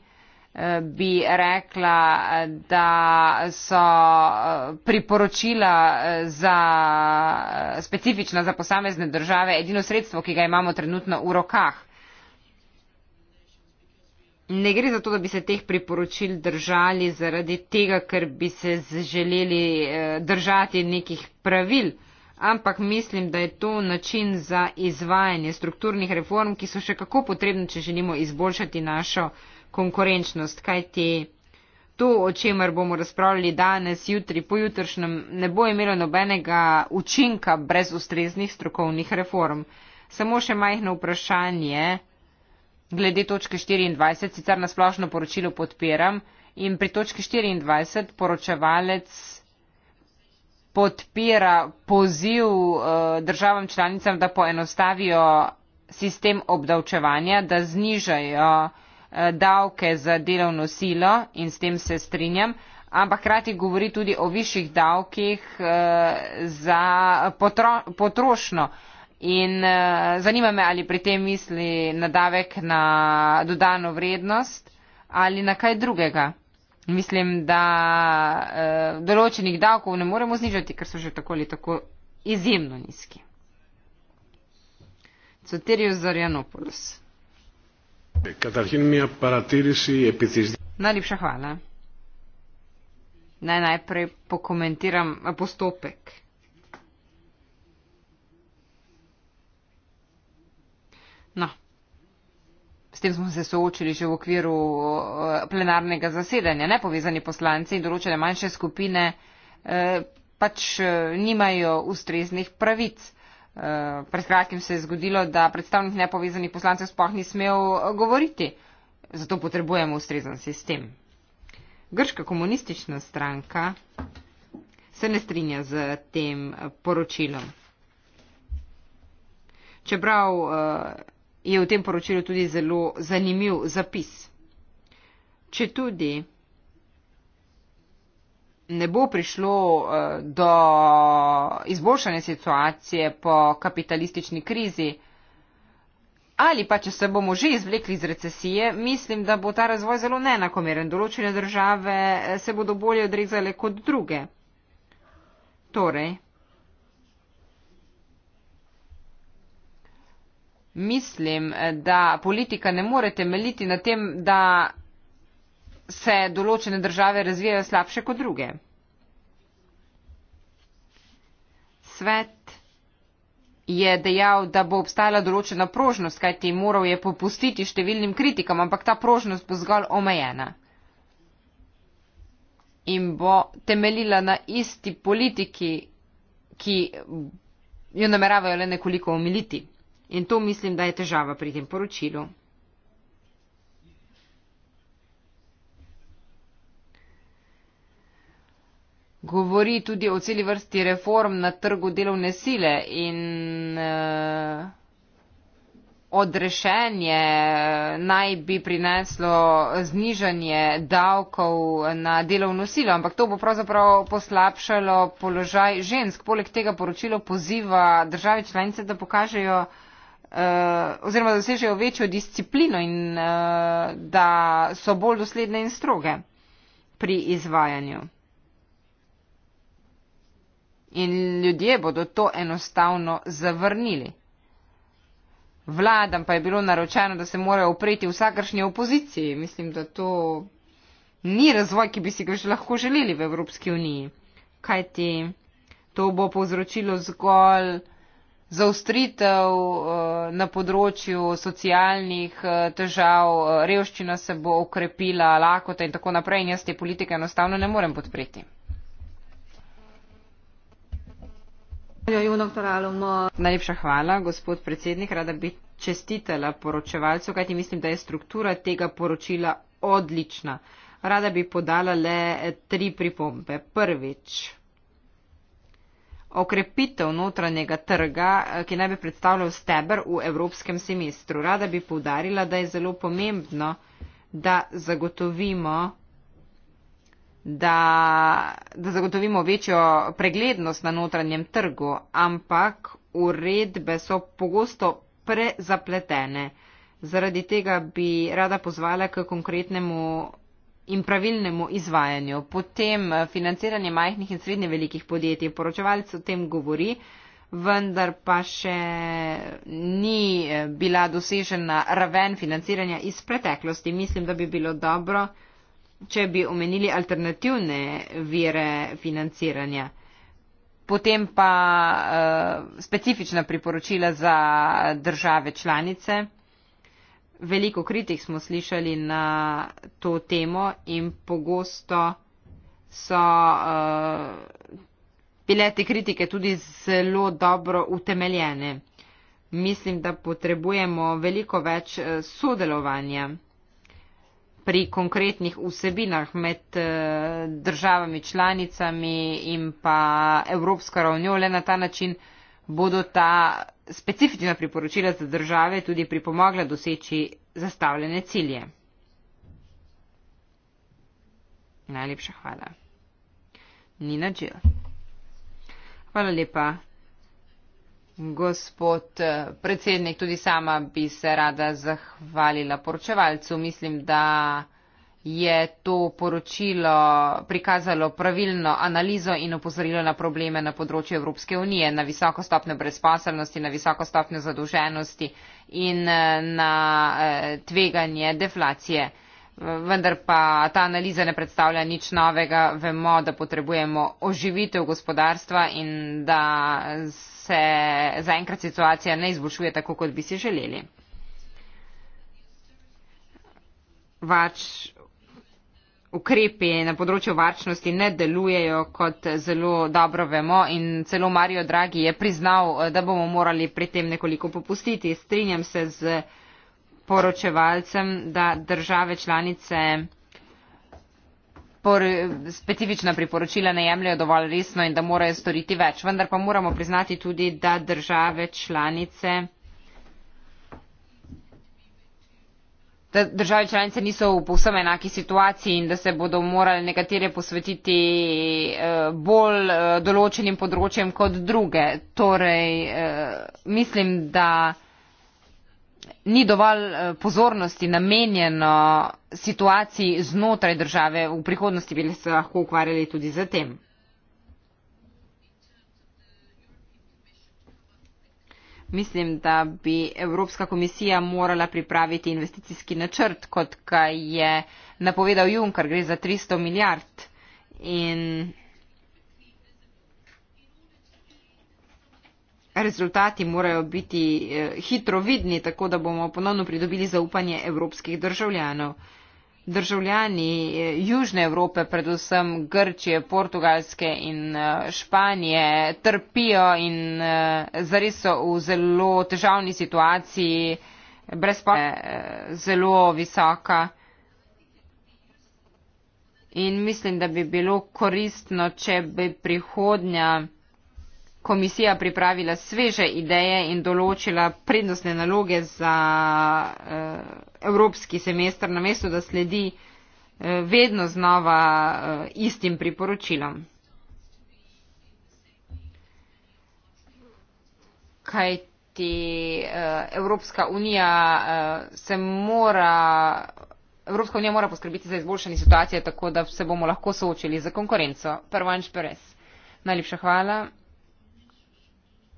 bi rekla, da so priporočila za, specifična za posamezne države edino sredstvo, ki ga imamo trenutno v rokah ne gre za to, da bi se teh priporočil držali zaradi tega, ker bi se želeli eh, držati nekih pravil, ampak mislim, da je to način za izvajanje strukturnih reform, ki so še kako potrebne, če želimo izboljšati našo konkurenčnost. Kaj ti to, o čemer bomo razpravljali danes, jutri, pojutršnjem, ne bo imelo nobenega učinka brez ustreznih strokovnih reform. Samo še majhno vprašanje glede točke 24 sicer na splošno poročilo podpiram in pri točki 24 poročevalec podpira poziv eh, državam članicam, da poenostavijo sistem obdavčevanja, da znižajo eh, davke za delovno silo in s tem se strinjam, ampak hkrati govori tudi o višjih davkih eh, za potrošno. In uh, zanima me, ali pri tem misli na davek na dodano vrednost ali na kaj drugega. Mislim, da uh, določenih davkov ne moremo znižati, ker so že tako ali tako izjemno nizki. Soterius Zorianopoulos. Najlepša hvala. Naj najprej pokomentiram eh, postopek. S tem smo se soočili že v okviru eh, plenarnega zasedanja. Nepovezani poslanci in določene manjše skupine eh, pač eh, nimajo ustreznih pravic. Pred kratkim se je zgodilo, da predstavnik nepovezanih poslancev sploh ni smel govoriti. Zato potrebujemo ustrezan sistem. Grška komunistična stranka se ne strinja z tem poročilom. Čeprav je v tem poročilu tudi zelo zanimiv zapis. Če tudi ne bo prišlo eh, do izboljšanja situacije po kapitalistični krizi ali pa če se bomo že izvlekli iz recesije, mislim, da bo ta razvoj zelo neenakomeren. Določene države eh, se bodo bolje odrezale kot druge. Torej, mislim, da politika ne more temeljiti na tem, da se določene države razvijajo slabše kot druge. Svet je dejal, da bo obstajala določena prožnost, kajti moral je popustiti številnim kritikam, ampak ta prožnost bo zgolj omejena in bo temeljila na isti politiki, ki jo nameravajo le nekoliko omiliti. In to mislim, da je težava pri tem poročilu. Govori tudi o celi vrsti reform na trgu delovne sile in uh, odrešenje eh, naj bi prineslo znižanje davkov na delovno silo, ampak to bo pravzaprav poslabšalo položaj žensk. Poleg tega poročilo poziva države članice, da pokažejo, Eh, oziroma dosežejo večjo disciplino in uh, da so bolj dosledne in stroge pri izvajanju. In ljudje bodo to enostavno zavrnili. Vladam pa je bilo naročeno, da se morajo upreti vsakršni opoziciji. Mislim, da to ni razvoj, ki bi si ga že lahko želeli v Evropski uniji. Kaj ti? To bo povzročilo zgolj zaustritev eh, na področju socialnih eh, težav, eh, revščina se bo okrepila, lakota in tako naprej in jaz te politike enostavno ne morem podpreti. Najlepša hvala, gospod predsednik. Rada bi čestitela poročevalcu, kajti mislim, da je struktura tega poročila odlična. Rada bi podala le tri pripombe. Prvič okrepitev notranjega trga, eh, ki naj bi predstavljal stebr v evropskem semestru. Rada bi povdarila, da je zelo pomembno, da zagotovimo, da, da zagotovimo večjo preglednost na notranjem trgu, ampak uredbe so pogosto prezapletene. Zaradi tega bi rada pozvala k konkretnemu in pravilnemu izvajanju. Potem eh, financiranje majhnih in srednje velikih podjetij. Poročevalce o tem govori, vendar pa še ni eh, bila dosežena raven financiranja iz preteklosti. Mislim, da bi bilo dobro, če bi omenili alternativne vire financiranja. Potem pa uh, specifična priporočila za države članice veliko kritik smo slišali na to temo in pogosto so uh, bile te kritike tudi zelo dobro utemeljene. Mislim, da potrebujemo veliko več eh, sodelovanja pri konkretnih vsebinah med eh, državami članicami in pa Evropsko ravnjo. Le na ta način bodo ta specifična priporočila za države tudi pripomogla doseči zastavljene cilje. Najlepša hvala. Nina Džil. Hvala lepa. Gospod eh, predsednik, tudi sama bi se rada zahvalila poročevalcu. Mislim, da je to poročilo prikazalo pravilno analizo in upozorilo na probleme na področju Evropske unije, na visoko stopnjo brezposelnosti, na visoko stopnjo zadolženosti in eh, na eh, tveganje deflacije. Vendar pa ta analiza ne predstavlja nič novega. Vemo, da potrebujemo oživitev gospodarstva in da se zaenkrat situacija ne izboljšuje tako, kot bi si želeli. Vaš, ukrepi na področju varčnosti ne delujejo, kot zelo dobro vemo in celo Mario Draghi je priznal, eh, da bomo morali pri tem nekoliko popustiti. Strinjam se z poročevalcem, da države članice specifična priporočila ne jemljajo dovolj resno in da morajo storiti več. Vendar pa moramo priznati tudi, da države članice da države članice niso v povsem enaki situaciji in da se bodo morali nekatere posvetiti eh, bolj eh, določenim področjem kot druge. Torej, eh, mislim, da ni dovolj pozornosti namenjeno situaciji znotraj države. V prihodnosti bi se lahko ukvarjali tudi z tem. Mislim, da bi Evropska komisija morala pripraviti investicijski načrt, kot ga je napovedal Juncker, gre za 300 milijard. In rezultati morajo biti eh, hitro vidni, tako da bomo ponovno pridobili zaupanje evropskih državljanov državljani eh, Južne Evrope, predvsem Grčije, Portugalske in eh, Španije, trpijo in eh, zares so v zelo težavni situaciji, brezpolne zelo visoka. In mislim, da bi bilo koristno, če bi prihodnja komisija pripravila sveže ideje in določila prednostne naloge za uh, evropski semester, namesto da sledi uh, vedno znova uh, istim priporočilom. Kaj ti uh, Evropska unija uh, se mora. Evropska unija mora poskrbiti za izboljšanje situacije, tako da se bomo lahko soočili za konkurenco. Prvanč Perez. Najlepša hvala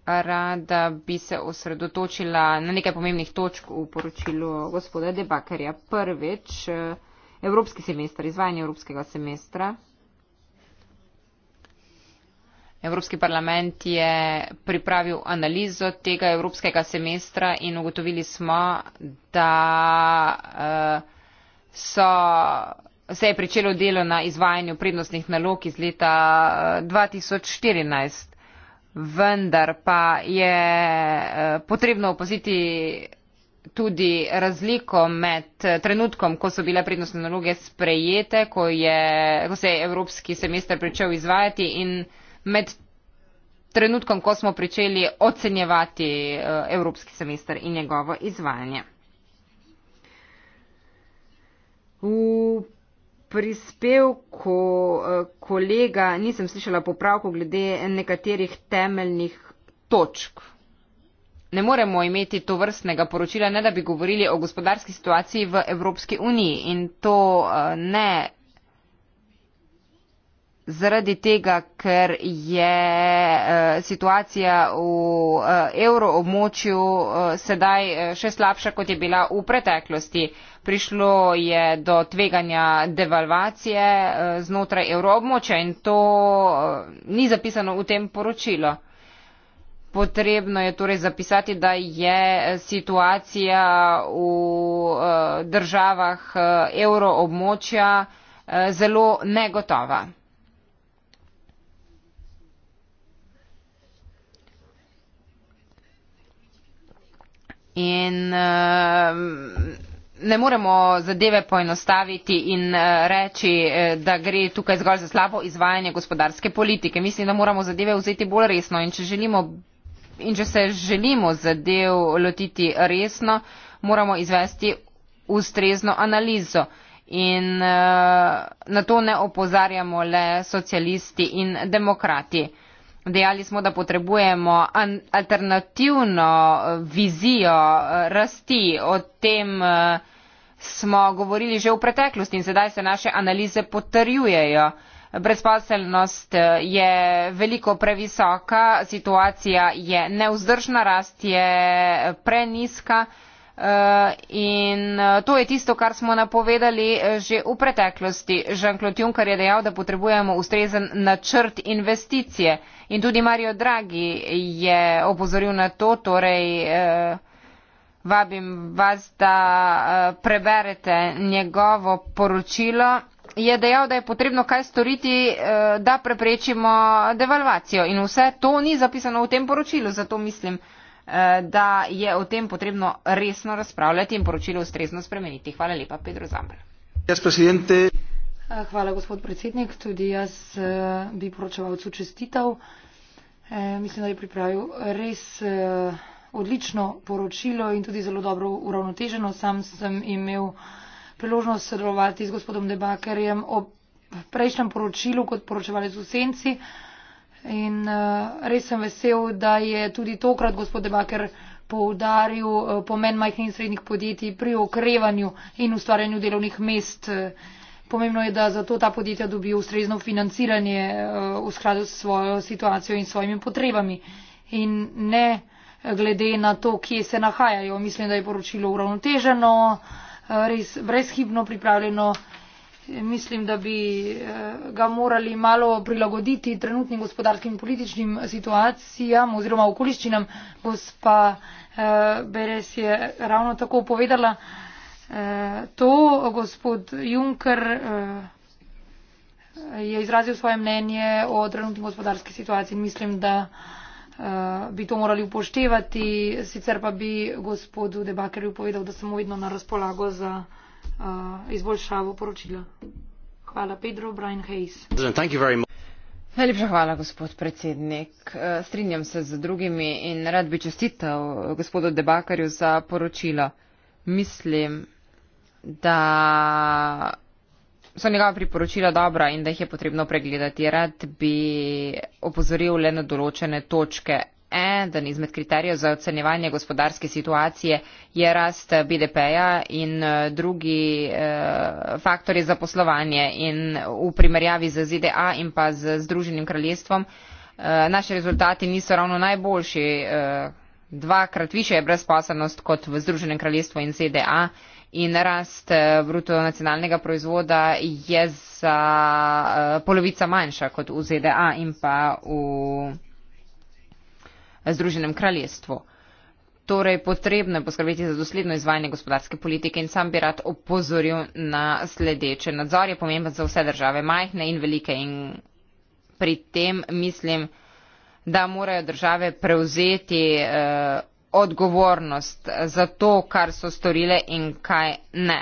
rada bi se osredotočila na nekaj pomembnih točk v poročilu gospoda Debakarja. Prvič, eh, evropski semester, izvajanje evropskega semestra. Evropski parlament je pripravil analizo tega evropskega semestra in ugotovili smo, da eh, so, se je pričelo delo na izvajanju prednostnih nalog iz leta 2014. Eh, vendar pa je eh, potrebno opaziti tudi razliko med eh, trenutkom, ko so bile prednostne naloge sprejete, ko, je, ko se je evropski semester pričel izvajati in med trenutkom, ko smo pričeli ocenjevati eh, evropski semester in njegovo izvajanje prispevku eh, kolega nisem slišala popravko glede nekaterih temeljnih točk. Ne moremo imeti to vrstnega poročila, ne da bi govorili o gospodarski situaciji v Evropski uniji in to eh, ne Zaradi tega, ker je eh, situacija v eh, evroobmočju eh, sedaj še slabša, kot je bila v preteklosti. Prišlo je do tveganja devalvacije znotraj evroobmočja in to ni zapisano v tem poročilu. Potrebno je torej zapisati, da je situacija v državah evroobmočja zelo negotova. In um, ne moremo zadeve poenostaviti in uh, reči, eh, da gre tukaj zgolj za slabo izvajanje gospodarske politike. Mislim, da moramo zadeve vzeti bolj resno in če, želimo, in če se želimo zadev lotiti resno, moramo izvesti ustrezno analizo. In uh, na to ne opozarjamo le socialisti in demokrati. Dejali smo, da potrebujemo alternativno eh, vizijo eh, rasti. O tem eh, smo govorili že v preteklosti in sedaj se naše analize potrjujejo. Brezposelnost je veliko previsoka, situacija je neuzdržna, rast je preniska. Eh, in eh, to je tisto, kar smo napovedali eh, že v preteklosti. Jean-Claude Juncker je dejal, da potrebujemo ustrezen načrt investicije in tudi Mario Draghi je opozoril na to, torej vabim vas, da preberete njegovo poročilo. Je dejal, da je potrebno kaj storiti, da preprečimo devalvacijo in vse to ni zapisano v tem poročilu, zato mislim, Eh, da je o tem potrebno resno razpravljati in poročilo ustrezno spremeniti. Hvala lepa, Pedro Zambr. Eh, hvala, gospod predsednik. Tudi jaz eh, bi poročevalcu čestital. Mislim, da je pripravil res odlično poročilo in tudi zelo dobro uravnoteženo. Sam sem imel priložnost sodelovati z gospodom Debakerjem o prejšnjem poročilu kot poročevalec v Senci in eh, res sem vesel, da je tudi tokrat gospod Debaker poudaril eh, pomen majhnih in srednjih podjetij pri okrevanju in ustvarjanju delovnih mest. Pomembno je, da zato ta podjetja dobijo ustrezno financiranje eh, v skladu s svojo situacijo in svojimi potrebami in ne glede na to, kje se nahajajo. Mislim, da je poročilo uravnoteženo, res brezhibno pripravljeno mislim, da bi eh, ga morali malo prilagoditi trenutnim gospodarskim in političnim situacijam oziroma okoliščinam. Gospa eh, Beres je ravno tako povedala eh, to. Gospod Juncker je izrazil svoje mnenje o trenutni gospodarski situaciji. Mislim, da bi to morali upoštevati, sicer pa bi gospodu Debakerju povedal, da sem vedno na razpolago za uh, izboljšavo poročila. Hvala, Pedro Brian Hayes. Najlepša hvala, gospod predsednik. Uh, strinjam se z drugimi in rad bi čestital uh, gospodu Debakarju za poročilo. Mislim, da so njegova priporočila dobra in da jih je potrebno pregledati. Rad bi opozoril le na določene točke eden izmed kriterijev za ocenjevanje gospodarske situacije je rast BDP-ja in eh, drugi eh, faktor je zaposlovanje. In v primerjavi z ZDA in pa z Združenim kraljestvom eh, naši rezultati niso ravno najboljši. Dvakrat više je brezposobnost kot v Združenem kraljestvu in ZDA in rast bruto nacionalnega proizvoda je za polovica manjša kot v ZDA in pa v Združenem kraljestvu. Torej, potrebno je poskrbeti za dosledno izvajanje gospodarske politike in sam bi rad opozoril na sledeče. Nadzor je pomemben za vse države, majhne in velike in pri tem mislim, da morajo države prevzeti eh, odgovornost za to, kar so storile in kaj ne.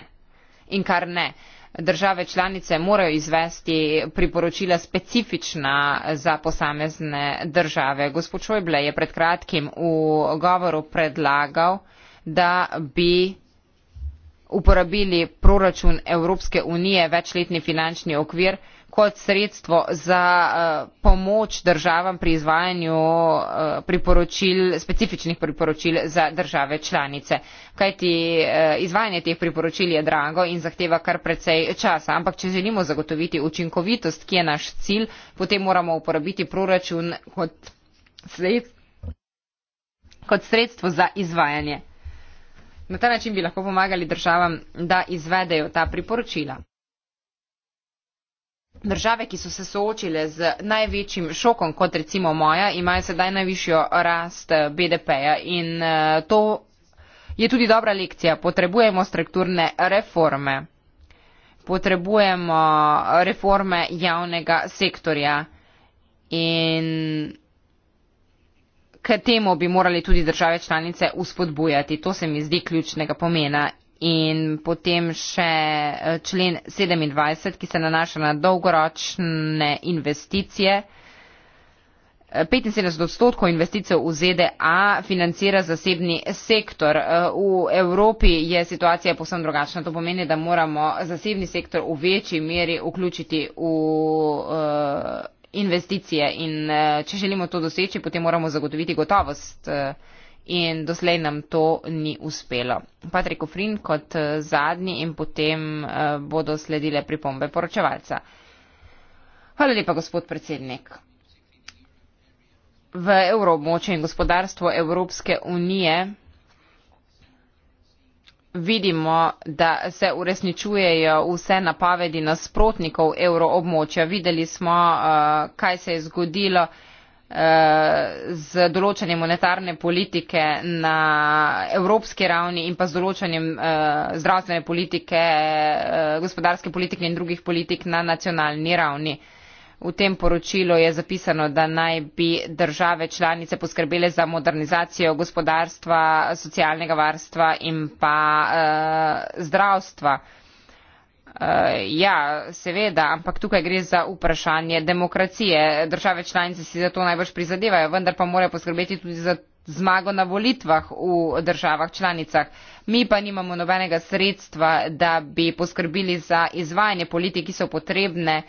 In kar ne. Eh, države članice morajo izvesti priporočila specifična za posamezne države. Gospod Šojble je pred kratkim v govoru predlagal, da bi uporabili proračun Evropske unije večletni finančni okvir kot sredstvo za eh, pomoč državam pri izvajanju eh, priporočil, specifičnih priporočil za države članice. Kajti eh, izvajanje teh priporočil je drago in zahteva kar precej časa. Ampak če želimo zagotoviti učinkovitost, ki je naš cilj, potem moramo uporabiti proračun kot sredstvo kot sredstvo za izvajanje. Na ta način bi lahko pomagali državam, da izvedejo ta priporočila. Države, ki so se soočile z največjim šokom, kot recimo moja, imajo sedaj najvišjo rast eh, BDP-ja in eh, to je tudi dobra lekcija. Potrebujemo strukturne reforme. Potrebujemo reforme javnega sektorja in k temu bi morali tudi države članice uspodbujati. To se mi zdi ključnega pomena in potem še eh, člen 27, ki se nanaša na dolgoročne investicije. 75 eh, odstotkov investicij v ZDA financira zasebni sektor. Eh, v Evropi je situacija posebno drugačna. To pomeni, da moramo zasebni sektor v večji meri vključiti v investicije. In če želimo to doseči, potem moramo zagotoviti gotovost in doslej nam to ni uspelo. Patrik Ofrin kot eh, zadnji in potem eh, bodo sledile pripombe poročevalca. Hvala lepa, gospod predsednik. V evromoče in gospodarstvo Evropske unije vidimo, da se uresničujejo vse napavedi nasprotnikov evroobmočja. Videli smo, eh, kaj se je zgodilo. Eh, z določanjem monetarne politike na evropski ravni in pa z določanjem eh, zdravstvene politike, eh, gospodarske politike in drugih politik na nacionalni ravni. V tem poročilu je zapisano, da naj bi države članice poskrbele za modernizacijo gospodarstva, socialnega varstva in pa zdravstva. Uh, ja, seveda, ampak tukaj gre za vprašanje demokracije. Države članice si za to najbrž prizadevajo, vendar pa morajo poskrbeti tudi za zmago na volitvah v državah članicah. Mi pa nimamo nobenega sredstva, da bi poskrbili za izvajanje politik, ki so potrebne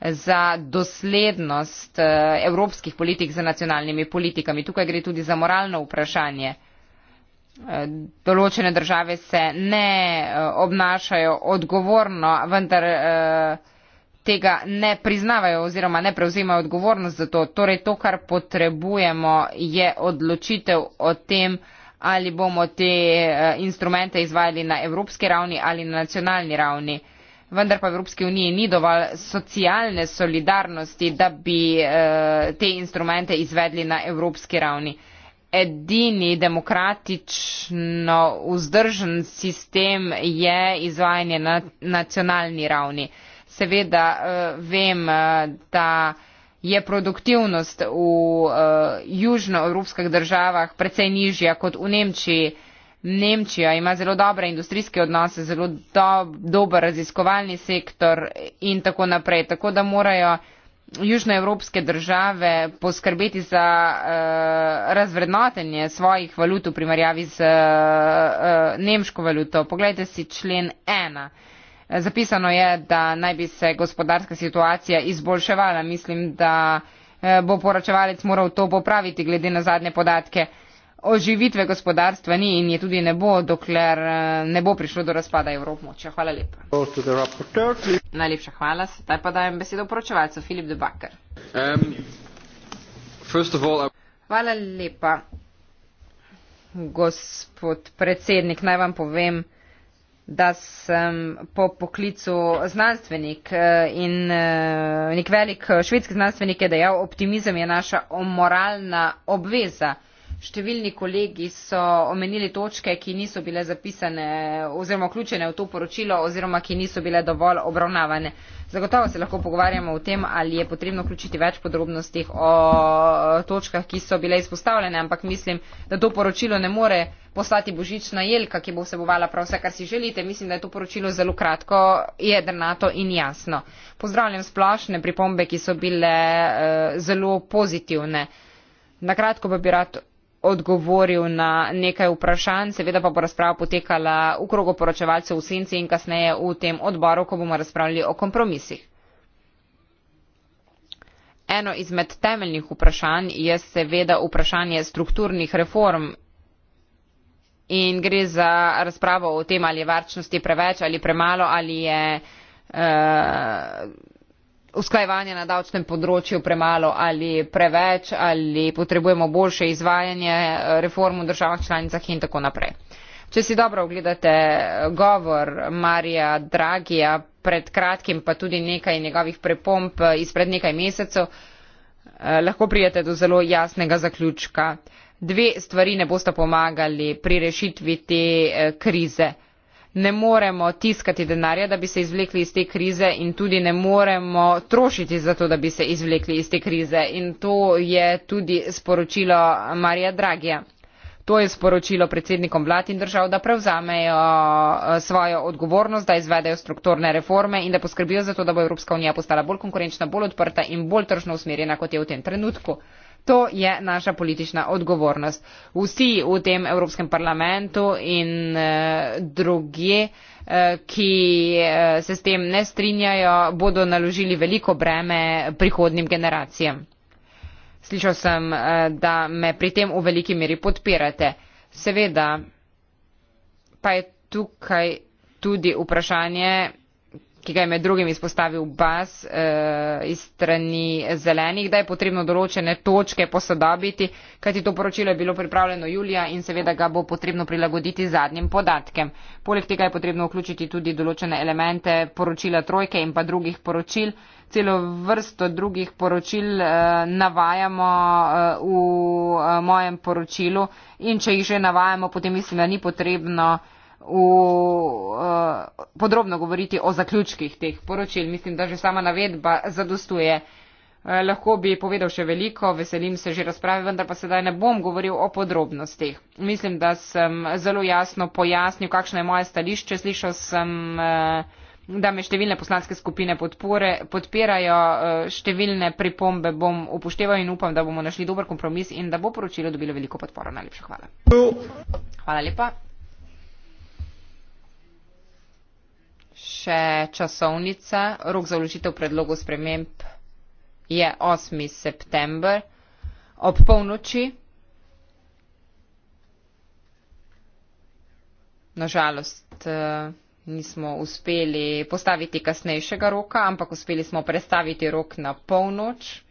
za doslednost uh, evropskih politik z nacionalnimi politikami. Tukaj gre tudi za moralno vprašanje. Uh, Eh, določene države se ne eh, obnašajo odgovorno, vendar eh, tega ne priznavajo oziroma ne prevzemajo odgovornost za to. Torej, to, kar potrebujemo, je odločitev o tem, ali bomo te instrumente izvajali na evropski ravni ali na nacionalni ravni. Vendar pa Evropske unije ni dovolj socialne solidarnosti, da bi te instrumente izvedli na evropski ravni edini demokratično vzdržen sistem je izvajanje na nacionalni ravni. Seveda eh, vem, eh, da je produktivnost v eh, južnoevropskih državah precej nižja kot v Nemčiji. Nemčija ima zelo dobre industrijske odnose, zelo do, dober raziskovalni sektor in tako naprej. Tako da morajo južnoevropske države poskrbeti za uh, razvrednotenje svojih valut v primerjavi z uh, nemško valuto. Poglejte si člen 1. Zapisano je, da naj bi se gospodarska situacija izboljševala. Mislim, da uh, bo poročevalec moral to popraviti glede na zadnje podatke. Uh, oživitve gospodarstva ni in je tudi ne bo, dokler eh, ne bo prišlo do razpada Evropmoča. Hvala lepa. Najlepša hvala. Sedaj pa dajem besedo poročevalcu Filip Debaker. Um, all, I... Hvala lepa, gospod predsednik. Naj vam povem, da sem po poklicu znanstvenik eh, in eh, nek velik švedski znanstvenik je dejal, optimizem je naša moralna obveza številni kolegi so omenili točke, ki niso bile zapisane oziroma vključene v to poročilo oziroma ki niso bile dovolj obravnavane. Zagotovo se lahko pogovarjamo o tem, ali je potrebno vključiti več podrobnosti o točkah, ki so bile izpostavljene, ampak mislim, da to poročilo ne more poslati božična jelka, ki bo vsebovala prav vse, kar si želite. Mislim, da je to poročilo zelo kratko, jedrnato in jasno. Pozdravljam splošne pripombe, ki so bile eh, zelo pozitivne. Na kratko pa bi rad odgovoril na nekaj vprašanj, seveda pa bo razprava potekala v krogu poročevalcev v senci in kasneje v tem odboru, ko bomo razpravljali o kompromisih. Eno izmed temeljnih vprašanj je seveda vprašanje strukturnih reform in gre za razpravo o tem, ali je varčnosti preveč ali premalo ali je. Uh, usklajevanja na davčnem področju premalo ali preveč ali potrebujemo boljše izvajanje eh, reform v državah članicah in tako naprej. Če si dobro ogledate eh, govor Marija Dragija pred kratkim, pa tudi nekaj njegovih prepomp eh, izpred nekaj mesecev, lahko prijete do zelo jasnega zaključka. Dve stvari ne bosta pomagali pri rešitvi te krize ne moremo tiskati denarja, da bi se izvlekli iz te krize in tudi ne moremo trošiti za to, da bi se izvlekli iz te krize. In to je tudi sporočilo Marija Dragija. To je sporočilo predsednikom vlad in držav, da prevzamejo eh, svojo odgovornost, da izvedejo strukturne reforme in da poskrbijo za to, da bo Evropska unija postala bolj konkurenčna, bolj odprta in bolj tržno usmerjena, kot je v tem trenutku. To je naša politična odgovornost. Vsi v tem Evropskem parlamentu in eh, drugje, eh, ki eh, se s tem ne strinjajo, bodo naložili veliko breme prihodnim generacijam. Slišal sem, eh, da me pri tem v veliki meri podpirate. Seveda pa je tukaj tudi vprašanje, ki ga je med drugim izpostavil Bas eh, iz strani zelenih, da je potrebno določene točke posodobiti, kajti to poročilo je bilo pripravljeno julija in seveda ga bo potrebno prilagoditi zadnjim podatkem. Poleg tega je potrebno vključiti tudi določene elemente poročila trojke in pa drugih poročil. Celo vrsto drugih poročil eh, navajamo eh, v eh, mojem poročilu in če jih že navajamo, potem mislim, da ni potrebno v, uh, podrobno govoriti o zaključkih teh poročil. Mislim, da že sama navedba zadostuje. Eh, lahko bi povedal še veliko, veselim se že razprave, vendar pa sedaj ne bom govoril o podrobnostih. Mislim, da sem zelo jasno pojasnil, kakšno je moje stališče. Slišal sem, eh, da me številne poslanske skupine podpore, podpirajo, številne pripombe bom upošteval in upam, da bomo našli dober kompromis in da bo poročilo dobilo veliko podporo. Najlepša hvala. Hvala lepa. še časovnica. Rok za vložitev predlogov sprememb je 8. september ob polnoči. Nažalost, eh, nismo uspeli postaviti kasnejšega roka, ampak uspeli smo predstaviti rok na polnoč,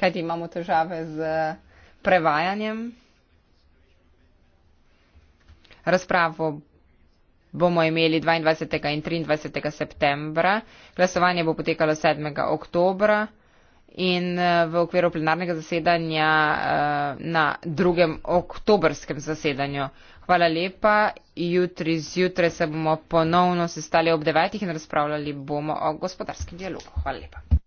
kajti imamo težave z prevajanjem. Razpravo bomo imeli 22. in 23. septembra. Glasovanje bo potekalo 7. oktobra in eh, v okviru plenarnega zasedanja eh, na 2. oktobrskem zasedanju. Hvala lepa. Jutri zjutraj se bomo ponovno sestali ob 9. in razpravljali bomo o gospodarskem dialogu. Hvala lepa.